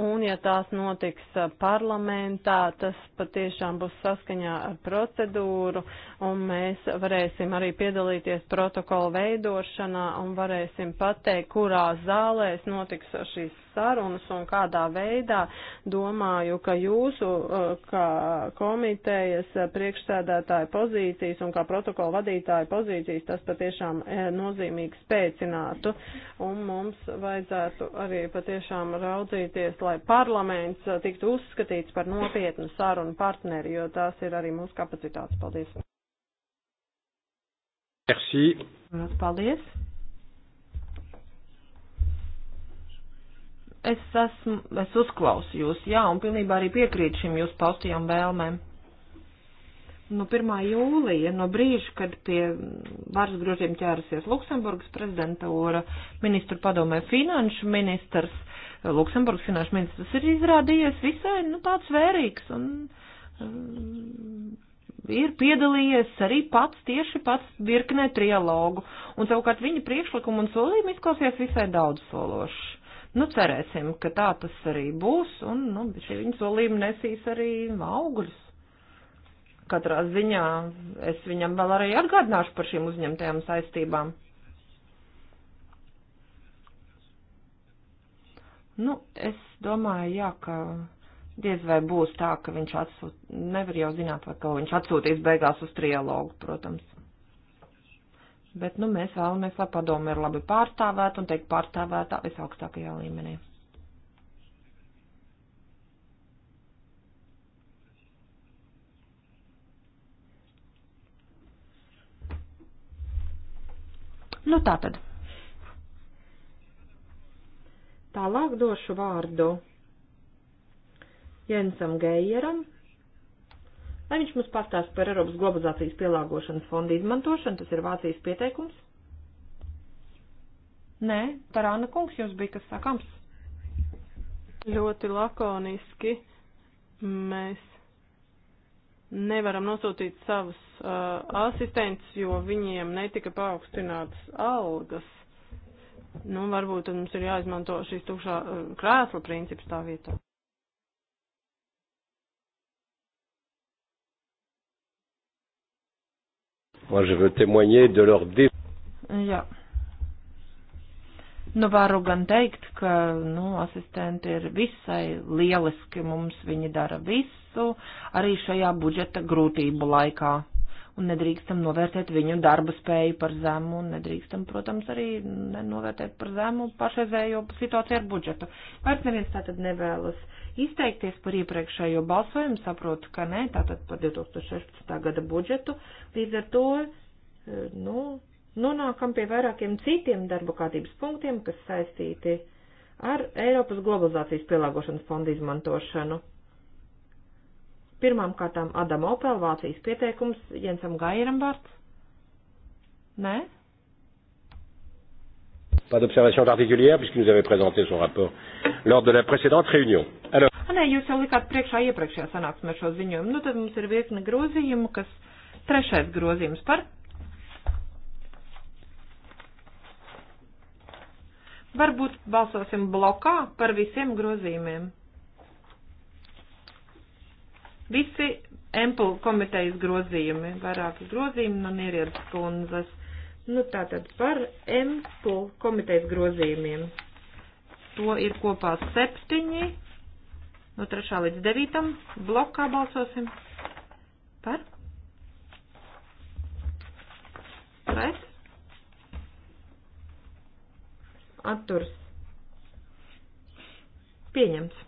un ja tās notiks uh, parlamentā, tas patiešām būs saskaņā ar procedūru, un mēs varēsim arī piedalīties protokolu veidošanā un varēsim pateikt, kurās zālēs notiks šīs sarunas un kādā veidā domāju, ka jūsu uh, kā komitejas priekšsēdētāja pozīcijas un kā protokola vadītāja pozīcijas tas patiešām uh, nozīmīgi spēcinātu. Un mums vajadzētu arī patiešām raudzīties, lai parlaments uh, tiktu uzskatīts par nopietnu sarunu partneri, jo tās ir arī mūsu kapacitātes. Paldies! Merci. Paldies! es esmu, es uzklausu jūs, jā, un pilnībā arī piekrītu šim jūs paustajām vēlmēm. No 1. jūlija, no brīža, kad pie varas grožiem ķērusies Luksemburgas prezidentūra, ministru padomē finanšu ministrs, Luksemburgas finanšu ministrs ir izrādījies visai, nu, tāds vērīgs un um, ir piedalījies arī pats, tieši pats virknē trialogu. Un savukārt viņa priekšlikumu un solījumu izklausījās visai daudz sološi Nu, cerēsim, ka tā tas arī būs, un, nu, šī viņa solījuma nesīs arī augļus. Katrā ziņā es viņam vēl arī atgādināšu par šīm uzņemtajām saistībām. Nu, es domāju, jā, ka diez vai būs tā, ka viņš atsūt, nevar jau zināt, vai ko viņš atsūtīs beigās uz trialogu, protams. Bet, nu, mēs vēlamies, lai padome ir labi pārstāvēta un teikt pārstāvētā visaugstākajā līmenī. Nu, tā tad. Tālāk došu vārdu Jensam Geijeram, Lai viņš mums pastāst par Eiropas globalizācijas pielāgošanas fonda izmantošanu, tas ir Vācijas pieteikums. Nē, Tarāna kungs, jūs bija kas sakams? Ļoti lakoniski mēs nevaram nosūtīt savus uh, asistentus, jo viņiem netika paaugstinātas algas. Nu, varbūt tad mums ir jāizmanto šīs tukšā uh, krēsla princips tā vietā. Moi, je veux témoigner de leur dé... Jā. Nu, varu gan teikt, ka, nu, asistenti ir visai lieliski, mums viņi dara visu, arī šajā budžeta grūtību laikā. Un nedrīkstam novērtēt viņu darba spēju par zemu, un nedrīkstam, protams, arī novērtēt par zemu pašreizējo situāciju ar budžetu. Vairs neviens tātad nevēlas izteikties par iepriekšējo balsojumu, saprotu, ka nē, tātad par 2016. gada budžetu, līdz ar to, e, nu, nonākam pie vairākiem citiem darba kārtības punktiem, kas saistīti ar Eiropas globalizācijas pielāgošanas fondu izmantošanu. Pirmām kārtām Adam Opel, Vācijas pieteikums, Jensam Gairam vārds. Nē? Pas d'observation particulière, puisque nous avait présenté son rapport lors de la précédente réunion. Alors... Ah, nē, jūs jau likāt priekšā iepriekšējā sanāksmē šo ziņojumu. Nu, tad mums ir virkne grozījumu, kas trešais grozījums par. Varbūt balsosim blokā par visiem grozījumiem. Visi Empel komitejas grozījumi, vairāki grozījumi no Nieriedas kundzes Nu, tātad par MPU komitejas grozījumiem. To ir kopā septiņi, no trešā līdz devītam blokā balsosim par. Pret. Atturs. Pieņemts.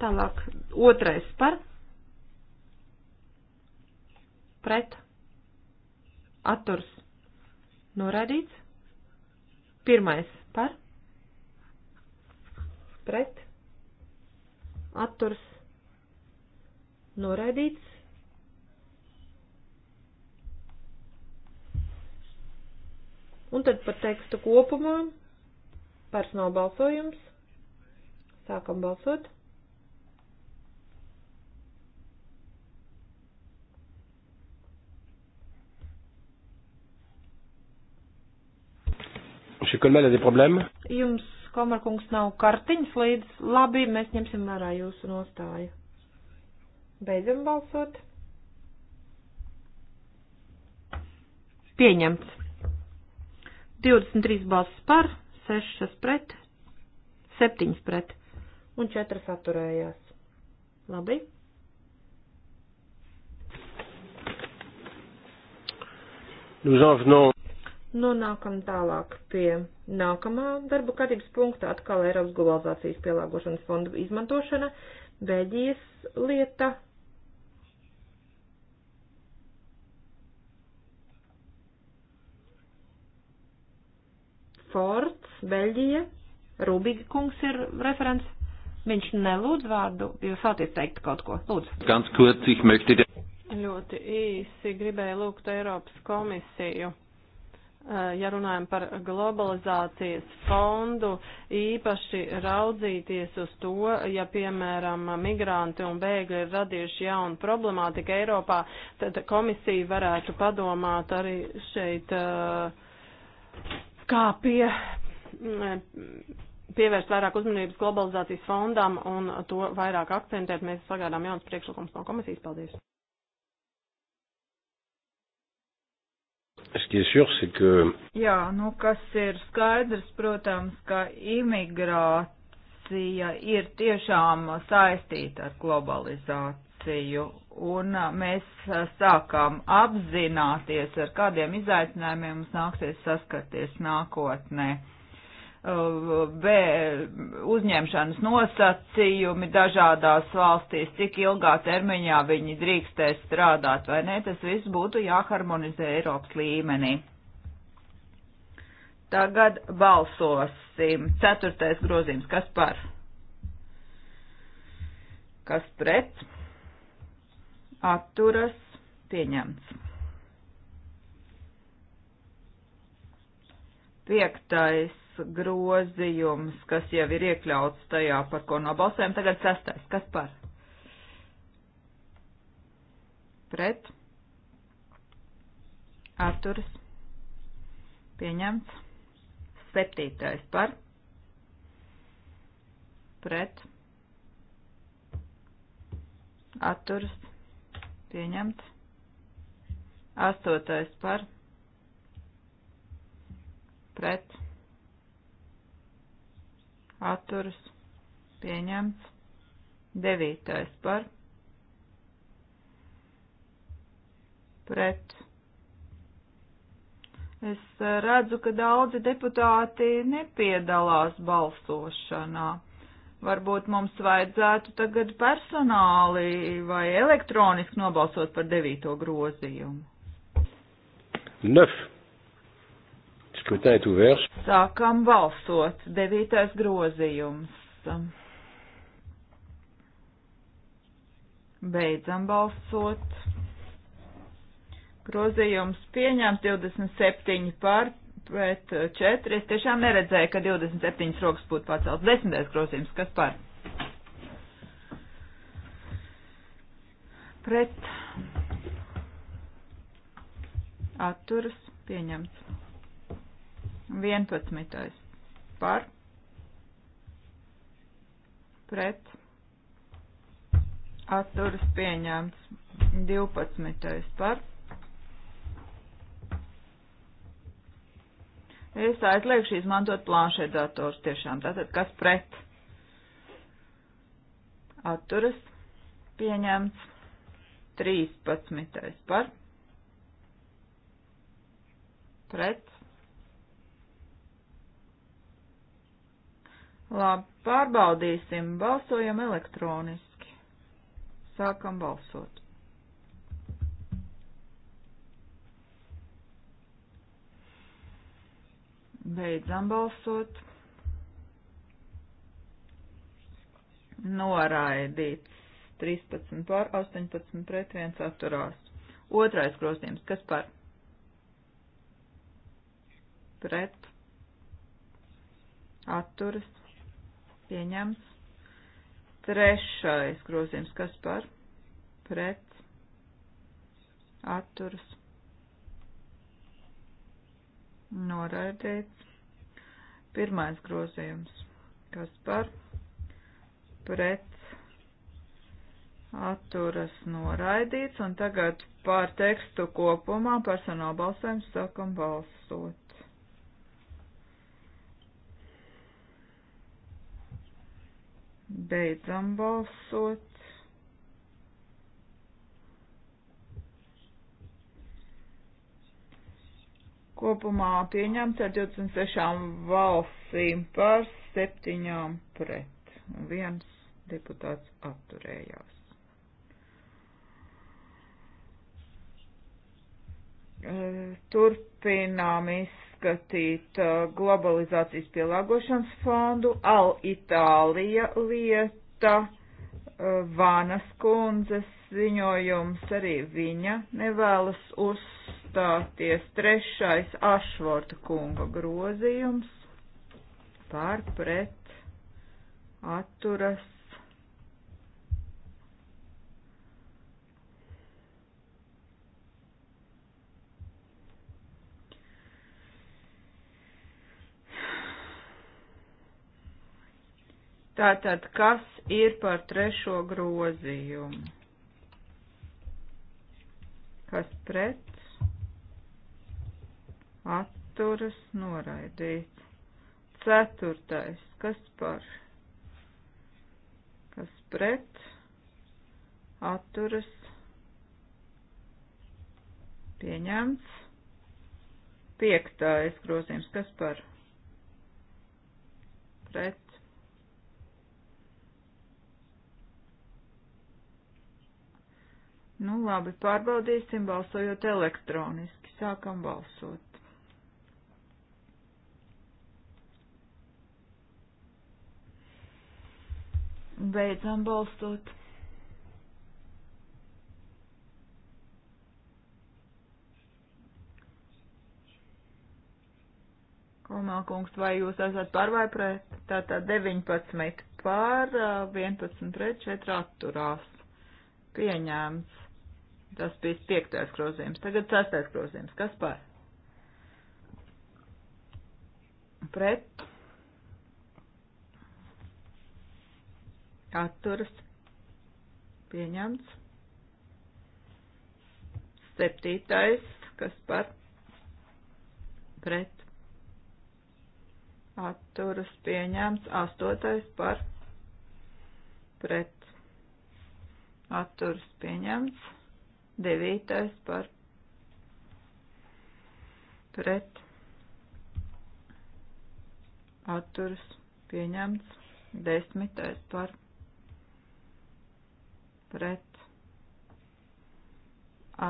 Tālāk otrais par. Pret atturs norādīts. Pirmais par, pret, atturs norādīts. Un tad par tekstu kopumā personāla balsojums. Sākam balsot. Kolmēl ir problēma? Jums, Komarkungs, nav kartiņas līdz. Labi, mēs ņemsim vērā jūsu nostāju. Beidzam balsot. Pieņemts. 23 balsis par, 6 pret, 7 pret un 4 atturējās. Labi. Nous en venons Nonākam tālāk pie nākamā darba kārtības punkta, atkal Eiropas globalizācijas pielāgošanas fonda izmantošana, Beļģijas lieta. Forts, Beļģija, Rūbīgi kungs ir referents. Viņš nelūdz vārdu, jūs vēlaties teikt kaut ko. Lūdzu. Ganz kurz, ich möchte. Ļoti īsi gribēju lūgt Eiropas komisiju Eh, ja runājam par globalizācijas fondu, īpaši raudzīties uz to, ja, piemēram, migranti un bēgļi ir radījuši jaunu problemātiku Eiropā, tad komisija varētu padomāt arī šeit, eh, kā pie, mm, pievērst vairāk uzmanības globalizācijas fondam un to vairāk akcentēt. Mēs sagaidām jaunas priekšlikums no komisijas. Paldies! Jā, nu kas ir skaidrs, protams, ka imigrācija ir tiešām saistīta ar globalizāciju, un mēs sākām apzināties, ar kādiem izaicinājumiem mums nāksies saskarties nākotnē uzņemšanas nosacījumi dažādās valstīs, cik ilgā termiņā viņi drīkstēs strādāt vai nē, tas viss būtu jāharmonizē Eiropas līmenī. Tagad balsosim. Ceturtais grozījums. Kas par? Kas pret? Atturas pieņemts. Piektais grozījums, kas jau ir iekļauts tajā, par ko nobalsojam. Tagad sestais. Kas par? Pret. Atturs. Pieņemts. Septītais par. Pret. Atturs. Pieņemts. Astotais par. Pret atturas pieņemts. Devītais par pret. Es eh, redzu, ka daudzi deputāti nepiedalās balsošanā. Varbūt mums vajadzētu tagad personāli vai elektroniski nobalsot par devīto grozījumu. Neuf. Skrutin ir ouvert. Sākam balsot. Devītais grozījums. Beidzam balsot. Grozījums pieņemts 27 par, pret 4. Es tiešām neredzēju, ka 27 rokas būtu pacelts. Desmitais grozījums. Kas par? Pret. Atturas pieņemts. 11. par pret atturas pieņemts 12. par Es aizliegšu izmantot planšetdators tiešām. Tātad, kas pret atturas pieņemts 13. par pret Labi, pārbaudīsim. Balsojam elektroniski. Sākam balsot. Beidzam balsot. Noraidīts. 13 pār 18 pret 1 atturās. Otrais grozījums. Kas par? Pret. Atturas pieņemts. Trešais grozījums, kas par pret atturas noraidīts. Pirmais grozījums, kas par pret atturas noraidīts. Un tagad pār tekstu kopumā personāla balsojums sākam balsot. Beidzam balsot. Kopumā pieņemts ar 26 valstīm par 7 pret un viens deputāts atturējās. Turpinām izskatīt izskatīt uh, globalizācijas pielāgošanas fondu, Al Itālija lieta, uh, Vānas kundzes ziņojums, arī viņa nevēlas uzstāties. Trešais Ašvorta kunga grozījums pār pret atturas Tātad, kas ir par trešo grozījumu? Kas pret? Atturas noraidīts. Ceturtais, kas par? Kas pret? Atturas pieņemts. Piektais grozījums, kas par? Pret Nu, labi, pārbaudīsim balsojot elektroniski. Sākam balsot. Beidzam balsot. Komākungs, vai jūs esat par vai pret? Tātad 19 pār, 11 pret, 4 atturās. Pieņēmts. Tas bija piektais grozījums. Tagad sastais grozījums. Kas par? Pret. Atturas. Pieņemts. Septītais. Kas par? Pret. Atturas. Pieņemts. Astotais par. Pret. Atturas. Pieņemts devītais par pret atturas pieņemts, desmitais par pret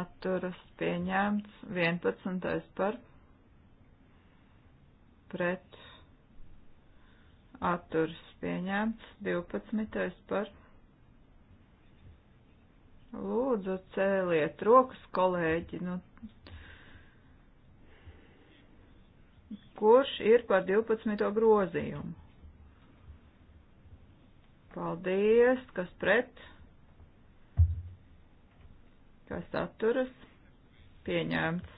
atturas pieņemts, vienpadsmitais par pret atturas pieņemts, divpadsmitais par pret Lūdzu, cēliet rokas, kolēģi. Nu, kurš ir par 12. grozījumu? Paldies, kas pret? Kas atturas? Pieņēmts.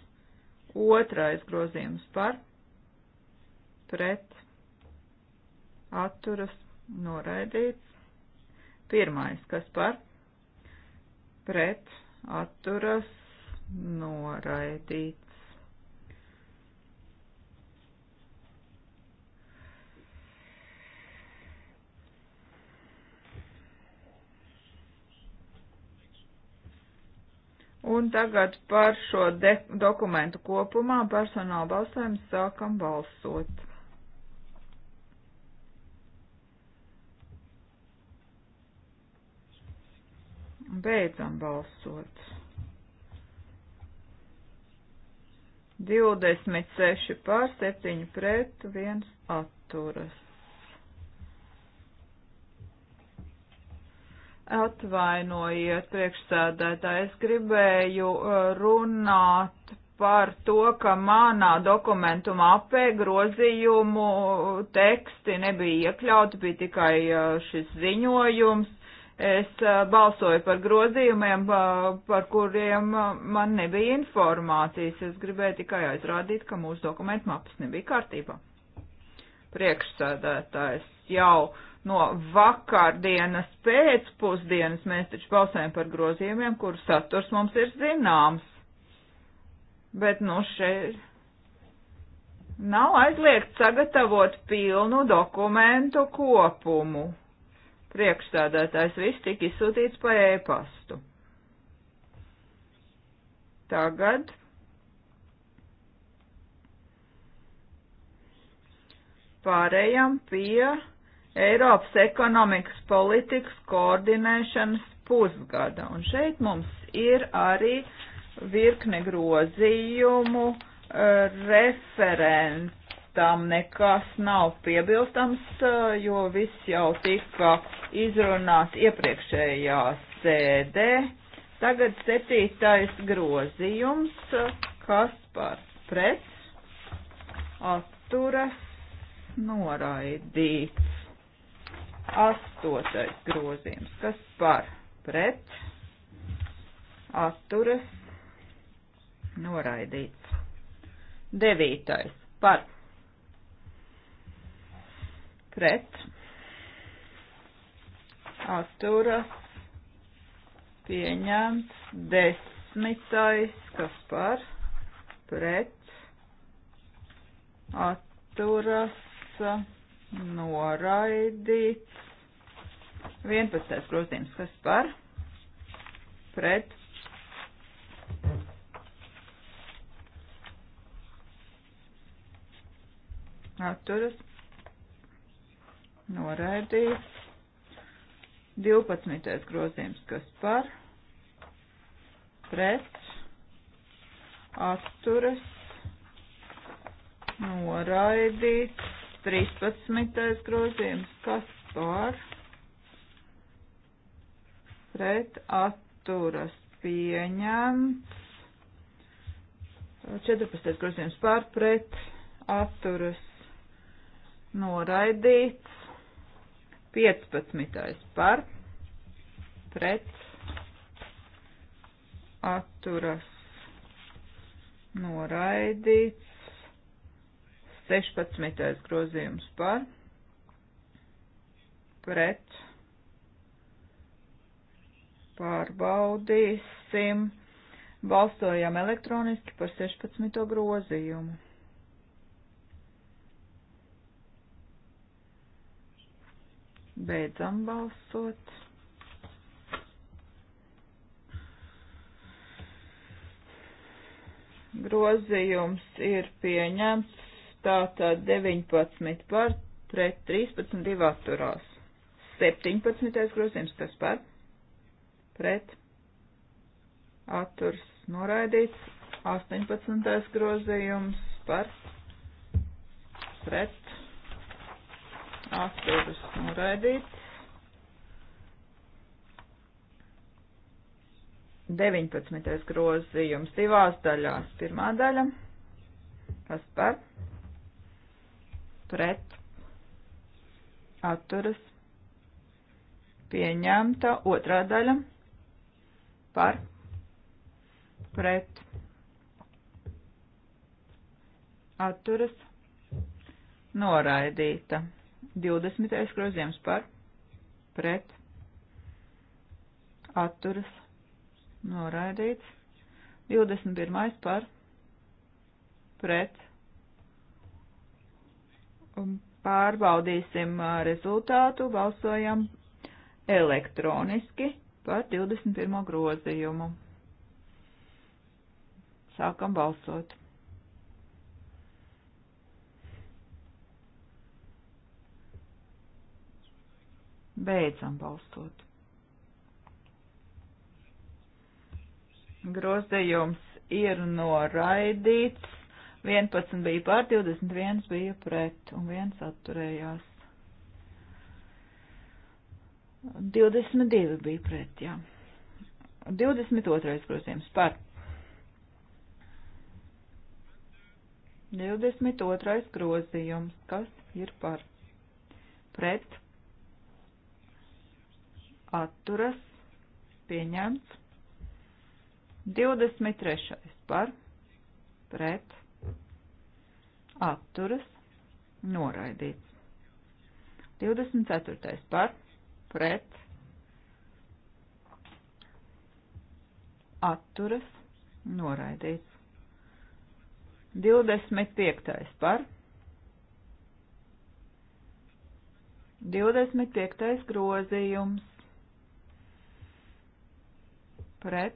Otrais grozījums par, pret, atturas, noraidīts. Pirmais, kas par, pret pret atturas noraidīts. Un tagad par šo dokumentu kopumā personāla balsojumu sākam balsot. Beidzam balsot. 26 pār 7 pret 1 atturas. Atvainojiet, priekšsēdētāji, es gribēju uh, runāt par to, ka manā dokumentu mapē grozījumu teksti nebija iekļauti, bija tikai uh, šis ziņojums Es eh, balsoju par grozījumiem, eh, par kuriem eh, man nebija informācijas. Es gribēju tikai aizrādīt, ka mūsu dokumentu mapas nebija kārtībā. Priekšsēdētājs jau no vakardienas pēcpusdienas mēs taču balsējam par grozījumiem, kuru saturs mums ir zināms. Bet nu šeit nav aizliegt sagatavot pilnu dokumentu kopumu. Priekšstādātājs viss tika izsūtīts pa ēpastu. Tagad pārējām pie Eiropas ekonomikas politikas koordinēšanas pusgada. Un šeit mums ir arī virkne grozījumu uh, referents tam nekas nav piebilstams, eh, jo viss jau tika izrunāts iepriekšējā sēdē. Tagad septītais grozījums, kas par pret atturas noraidīts. Astotais grozījums, kas par pret atturas noraidīts. Devītais par pret atturas pieņemts desmitais, kas par pret atturas noraidīts. 11. grozījums, kas par pret atturas noraidīts. 12. grozījums, kas par, pret, atturas, noraidīts. 13. grozījums, kas par, pret, atturas, pieņemts. 14. grozījums par, pret, atturas, noraidīts. 15. par pret atturas noraidīts. 16. grozījums par pret pārbaudīsim. Balsojam elektroniski par 16. grozījumu. Beidzam balsot. Grozījums ir pieņemts tātad 19 par pret 13 divi atturās. 17. grozījums tas par pret atturs noraidīts. 18. grozījums par pret atturas noraidīts. 19. grozījums divās daļās. Pirmā daļa, kas par pret atturas pieņemta, otrā daļa par pret atturas noraidīta. 20. grozījums par pret atturas noraidīts. 21. par pret pārbaudīsim rezultātu, balsojam elektroniski par 21. grozījumu. Sākam balsot. Beidzam balstot. Grozījums ir noraidīts. 11 bija pār, 21 bija pret un viens atturējās. 22 bija pret, jā. 22. grozījums par. 22. grozījums, kas ir par pret atturas, pieņemts. 23. par, pret, atturas, noraidīts. 24. par, pret, atturas, noraidīts. 25. par, 25. grozījums pret,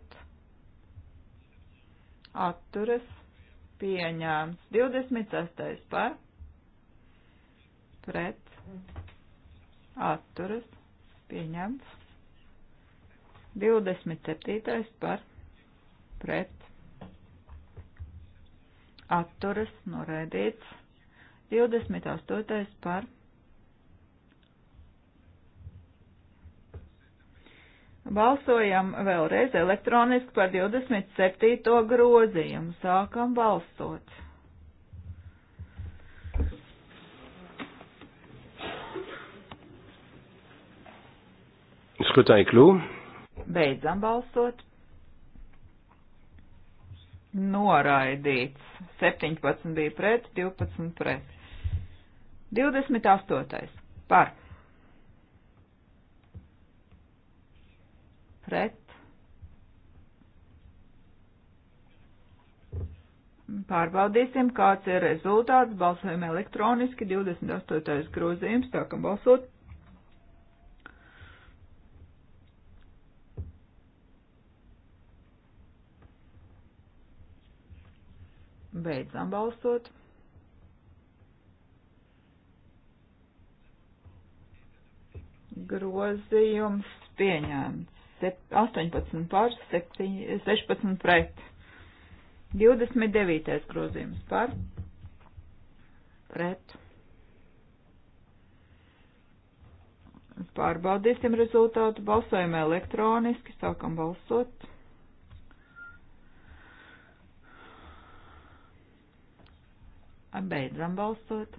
atturas, pieņēmts. 26. par, pret, atturas, pieņemts. 27. par, pret, atturas, noraidīts. 28. par, Balsojam vēlreiz elektroniski par 27. grozījumu. Sākam balsot. Skatāj klū. Beidzam balsot. Noraidīts. 17 bija pret, 12 pret. 28. par. pret Pārbaudīsim, kāds ir rezultāts. Balsojam elektroniski. 28. grozījums. Sākam balsot. Beidzam balsot. Grozījums pieņēmts. 18 pār 7, 16 pret. 29. grozījums par pret. Pārbaudīsim rezultātu, balsojam elektroniski, sākam balsot. Beidzam balsot.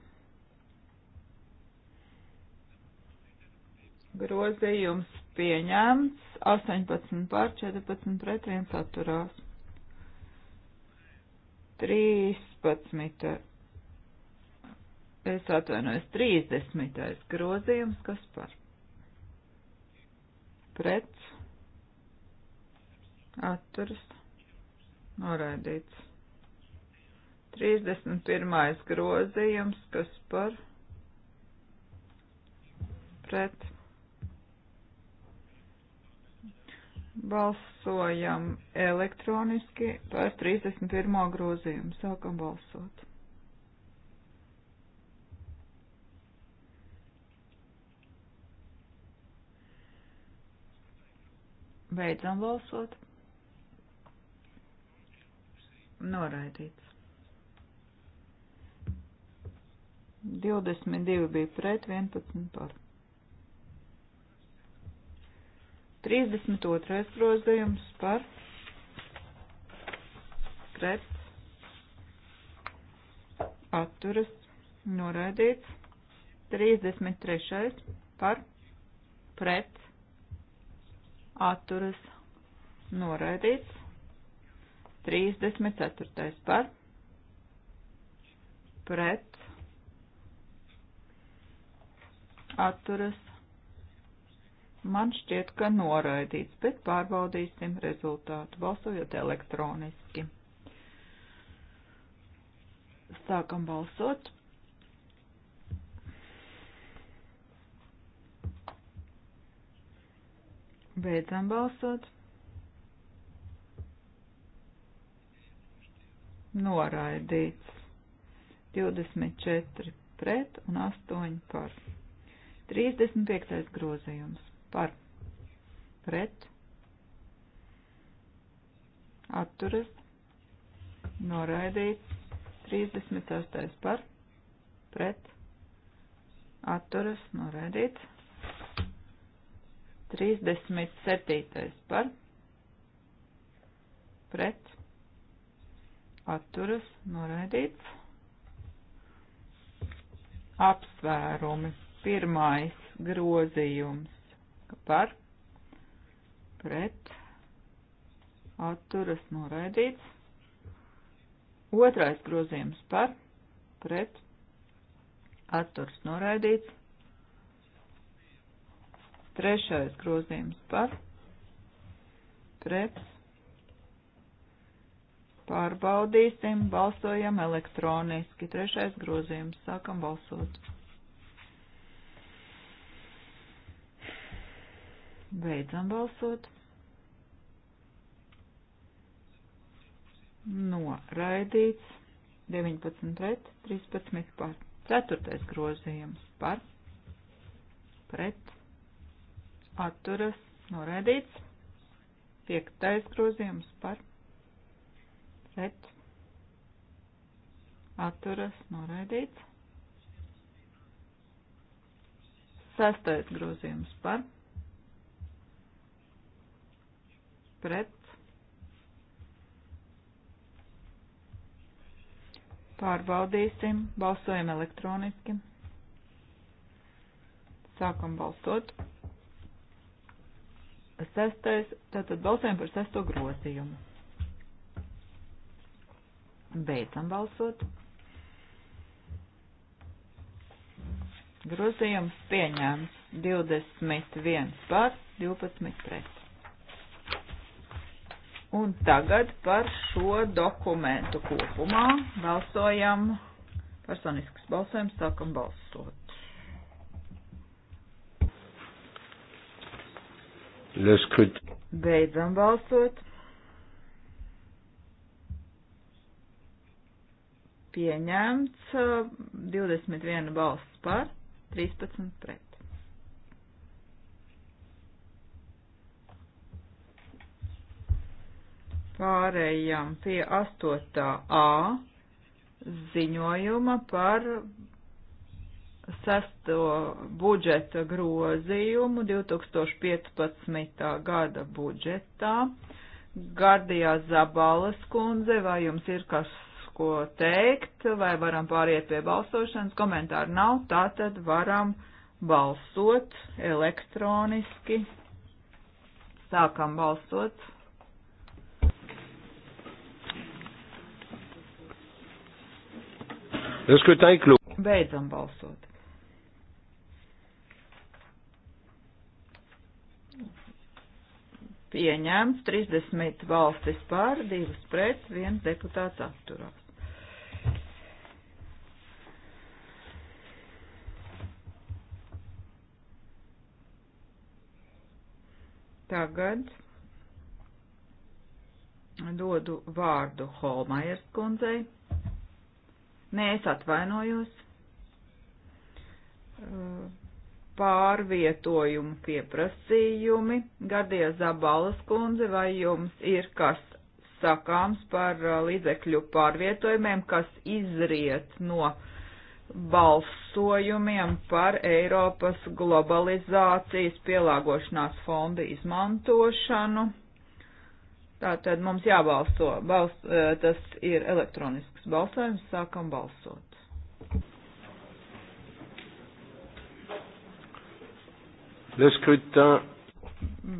Grozījums pieņemts 18 pār 14 pret 1 atturās. 13. Es atvainojos 30. grozījums, kas par pret atturas noraidīts. 31. grozījums, kas par pret Balsojam elektroniski par 31. grozījumu. Sākam balsot. Beidzam balsot. Noraidīts. 22 bija pret, 11 par. 32. grozījums par pret atturas noraidīts. 33. par pret atturas noraidīts. 34. par pret atturas Man šķiet, ka noraidīts, bet pārbaudīsim rezultātu, balsojot elektroniski. Sākam balsot. Beidzam balsot. Noraidīts. 24 pret un 8 par. 35. grozījums par pret atturas noraidīts 38. par pret atturas noraidīts 37. par pret atturas noraidīts apsvērumi pirmais grozījums par pret atturas noraidīts. Otrais grozījums par pret atturas noraidīts. Trešais grozījums par pret pārbaudīsim, balsojam elektroniski. Trešais grozījums sākam balsot. Beidzam balsot. Noraidīts. 19 pret, 13 par. Ceturtais grozījums par. Pret. Atturas. Noraidīts. Piektais grozījums par. Pret. Atturas. Noraidīts. Sestais grozījums par pret pārbaudīsim, balsojam elektroniski, sākam balsot. Sestais, tātad balsojam par sesto grozījumu. Beidzam balsot. Grozījums pieņēmts 21 par 12 pret. Un tagad par šo dokumentu kopumā balsojam personisks balsojums, sākam balsot. Leskut. Beidzam balsot. Pieņemts uh, 21 balsts par, 13 pret. Pārējām pie 8a ziņojuma par sesto budžeta grozījumu 2015. gada budžetā. Gardijā Zabalas kundze, vai jums ir kas ko teikt, vai varam pāriet pie balsošanas? Komentāru nav, tātad varam balsot elektroniski. Sākam balsot. Le scrutin est clos. Beidzam balsot. Pieņemts 30 valstis pār, 2 pret, 1 deputāts atturās. Tagad dodu vārdu Holmajers kundzei. Nē, es atvainojos. Pārvietojumu pieprasījumi. Gardie Zabalas kundze, vai jums ir kas sakāms par līdzekļu pārvietojumiem, kas izriet no balsojumiem par Eiropas globalizācijas pielāgošanās fonda izmantošanu? Tātad mums jābalso. Balst, eh, tas ir elektronisks balsojums. Sākam balsot. Le scrutin.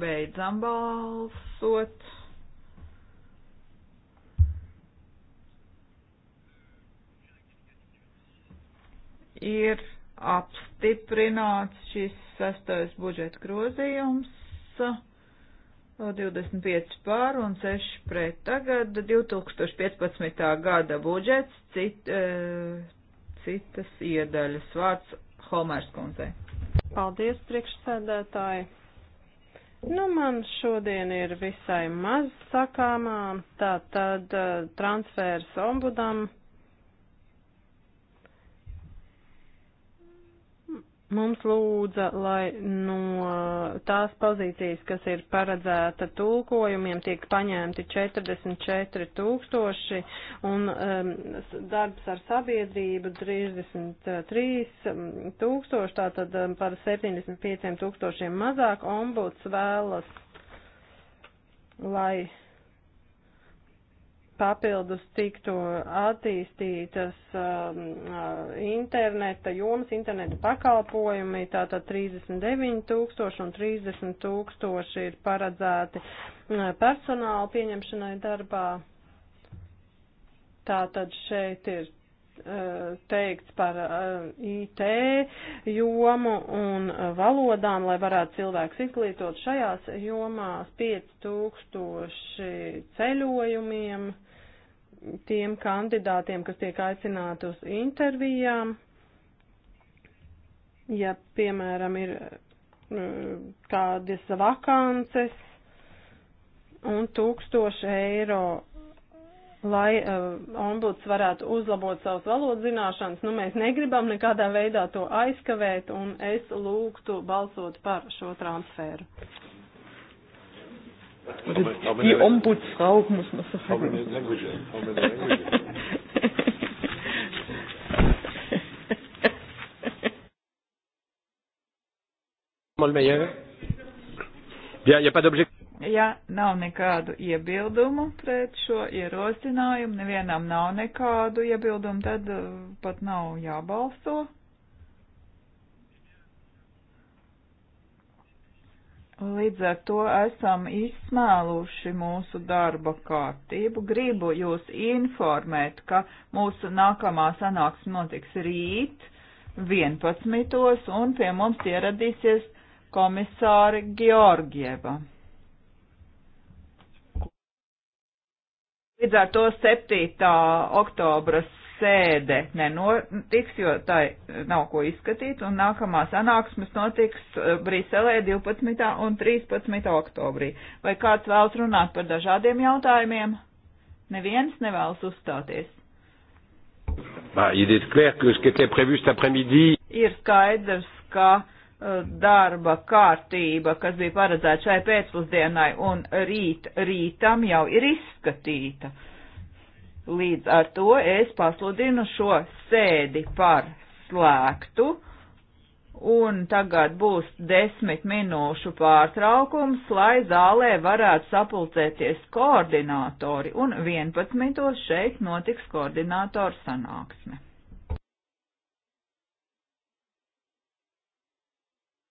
Beidzam balsot. Ir apstiprināts šis sastais budžeta grozījums. 25 pār un 6 pret. Tagad 2015. gada budžets, cit, e, citas iedaļas vārds Homērs kundzei. Paldies, priekšsēdētāji. Nu, man šodien ir visai maz sakāmā, tā tad e, transfērs ombudam mums lūdza, lai no tās pozīcijas, kas ir paredzēta tulkojumiem, tiek paņemti 44 tūkstoši un um, darbs ar sabiedrību 33 um, tūkstoši, tātad um, par 75 tūkstošiem mazāk ombuds vēlas, lai papildus tiktu attīstītas um, uh, interneta jomas, interneta pakalpojumi, tātad 39 tūkstoši un 30 tūkstoši ir paredzēti uh, personāla pieņemšanai darbā. Tātad šeit ir uh, teikts par IT jomu un valodām, lai varētu cilvēks izglītot šajās jomās 5000 ceļojumiem tiem kandidātiem, kas tiek aicināti uz intervijām. Ja, piemēram, ir e, kādas vakances un tūkstoši eiro, lai uh, ombuds varētu uzlabot savas valodas zināšanas, nu mēs negribam nekādā veidā to aizkavēt un es lūgtu balsot par šo transferu. Oder die Ombudsfrau, muss man sagen. Eh? Jā, ja pat objektīvi. Ja nav nekādu iebildumu pret šo ierosinājumu, nevienam nav nekādu iebildumu, tad eh, pat nav jābalso. Līdz ar to esam izsmēluši mūsu darba kārtību. Gribu jūs informēt, ka mūsu nākamā sanāksme notiks rīt 11. un pie mums ieradīsies komisāri Georgieva. Līdz ar to 7. oktobras sēde nenotiks, jo tā nav ko izskatīt, un nākamā sanāksmes notiks uh, Briselē 12. un 13. oktobrī. Vai kāds vēlas runāt par dažādiem jautājumiem? Neviens nevēlas uzstāties. Bah, il est clair que ce qui était prévu cet après-midi. Ir skaidrs, ka uh, darba kārtība, kas bija paredzēta šai pēcpusdienai un rīt rītam, jau ir izskatīta. Uh, Līdz ar to es pasludinu šo sēdi par slēgtu, un tagad būs desmit minūšu pārtraukums, lai zālē varētu sapulcēties koordinātori, un 11. šeit notiks koordinātoru sanāksme.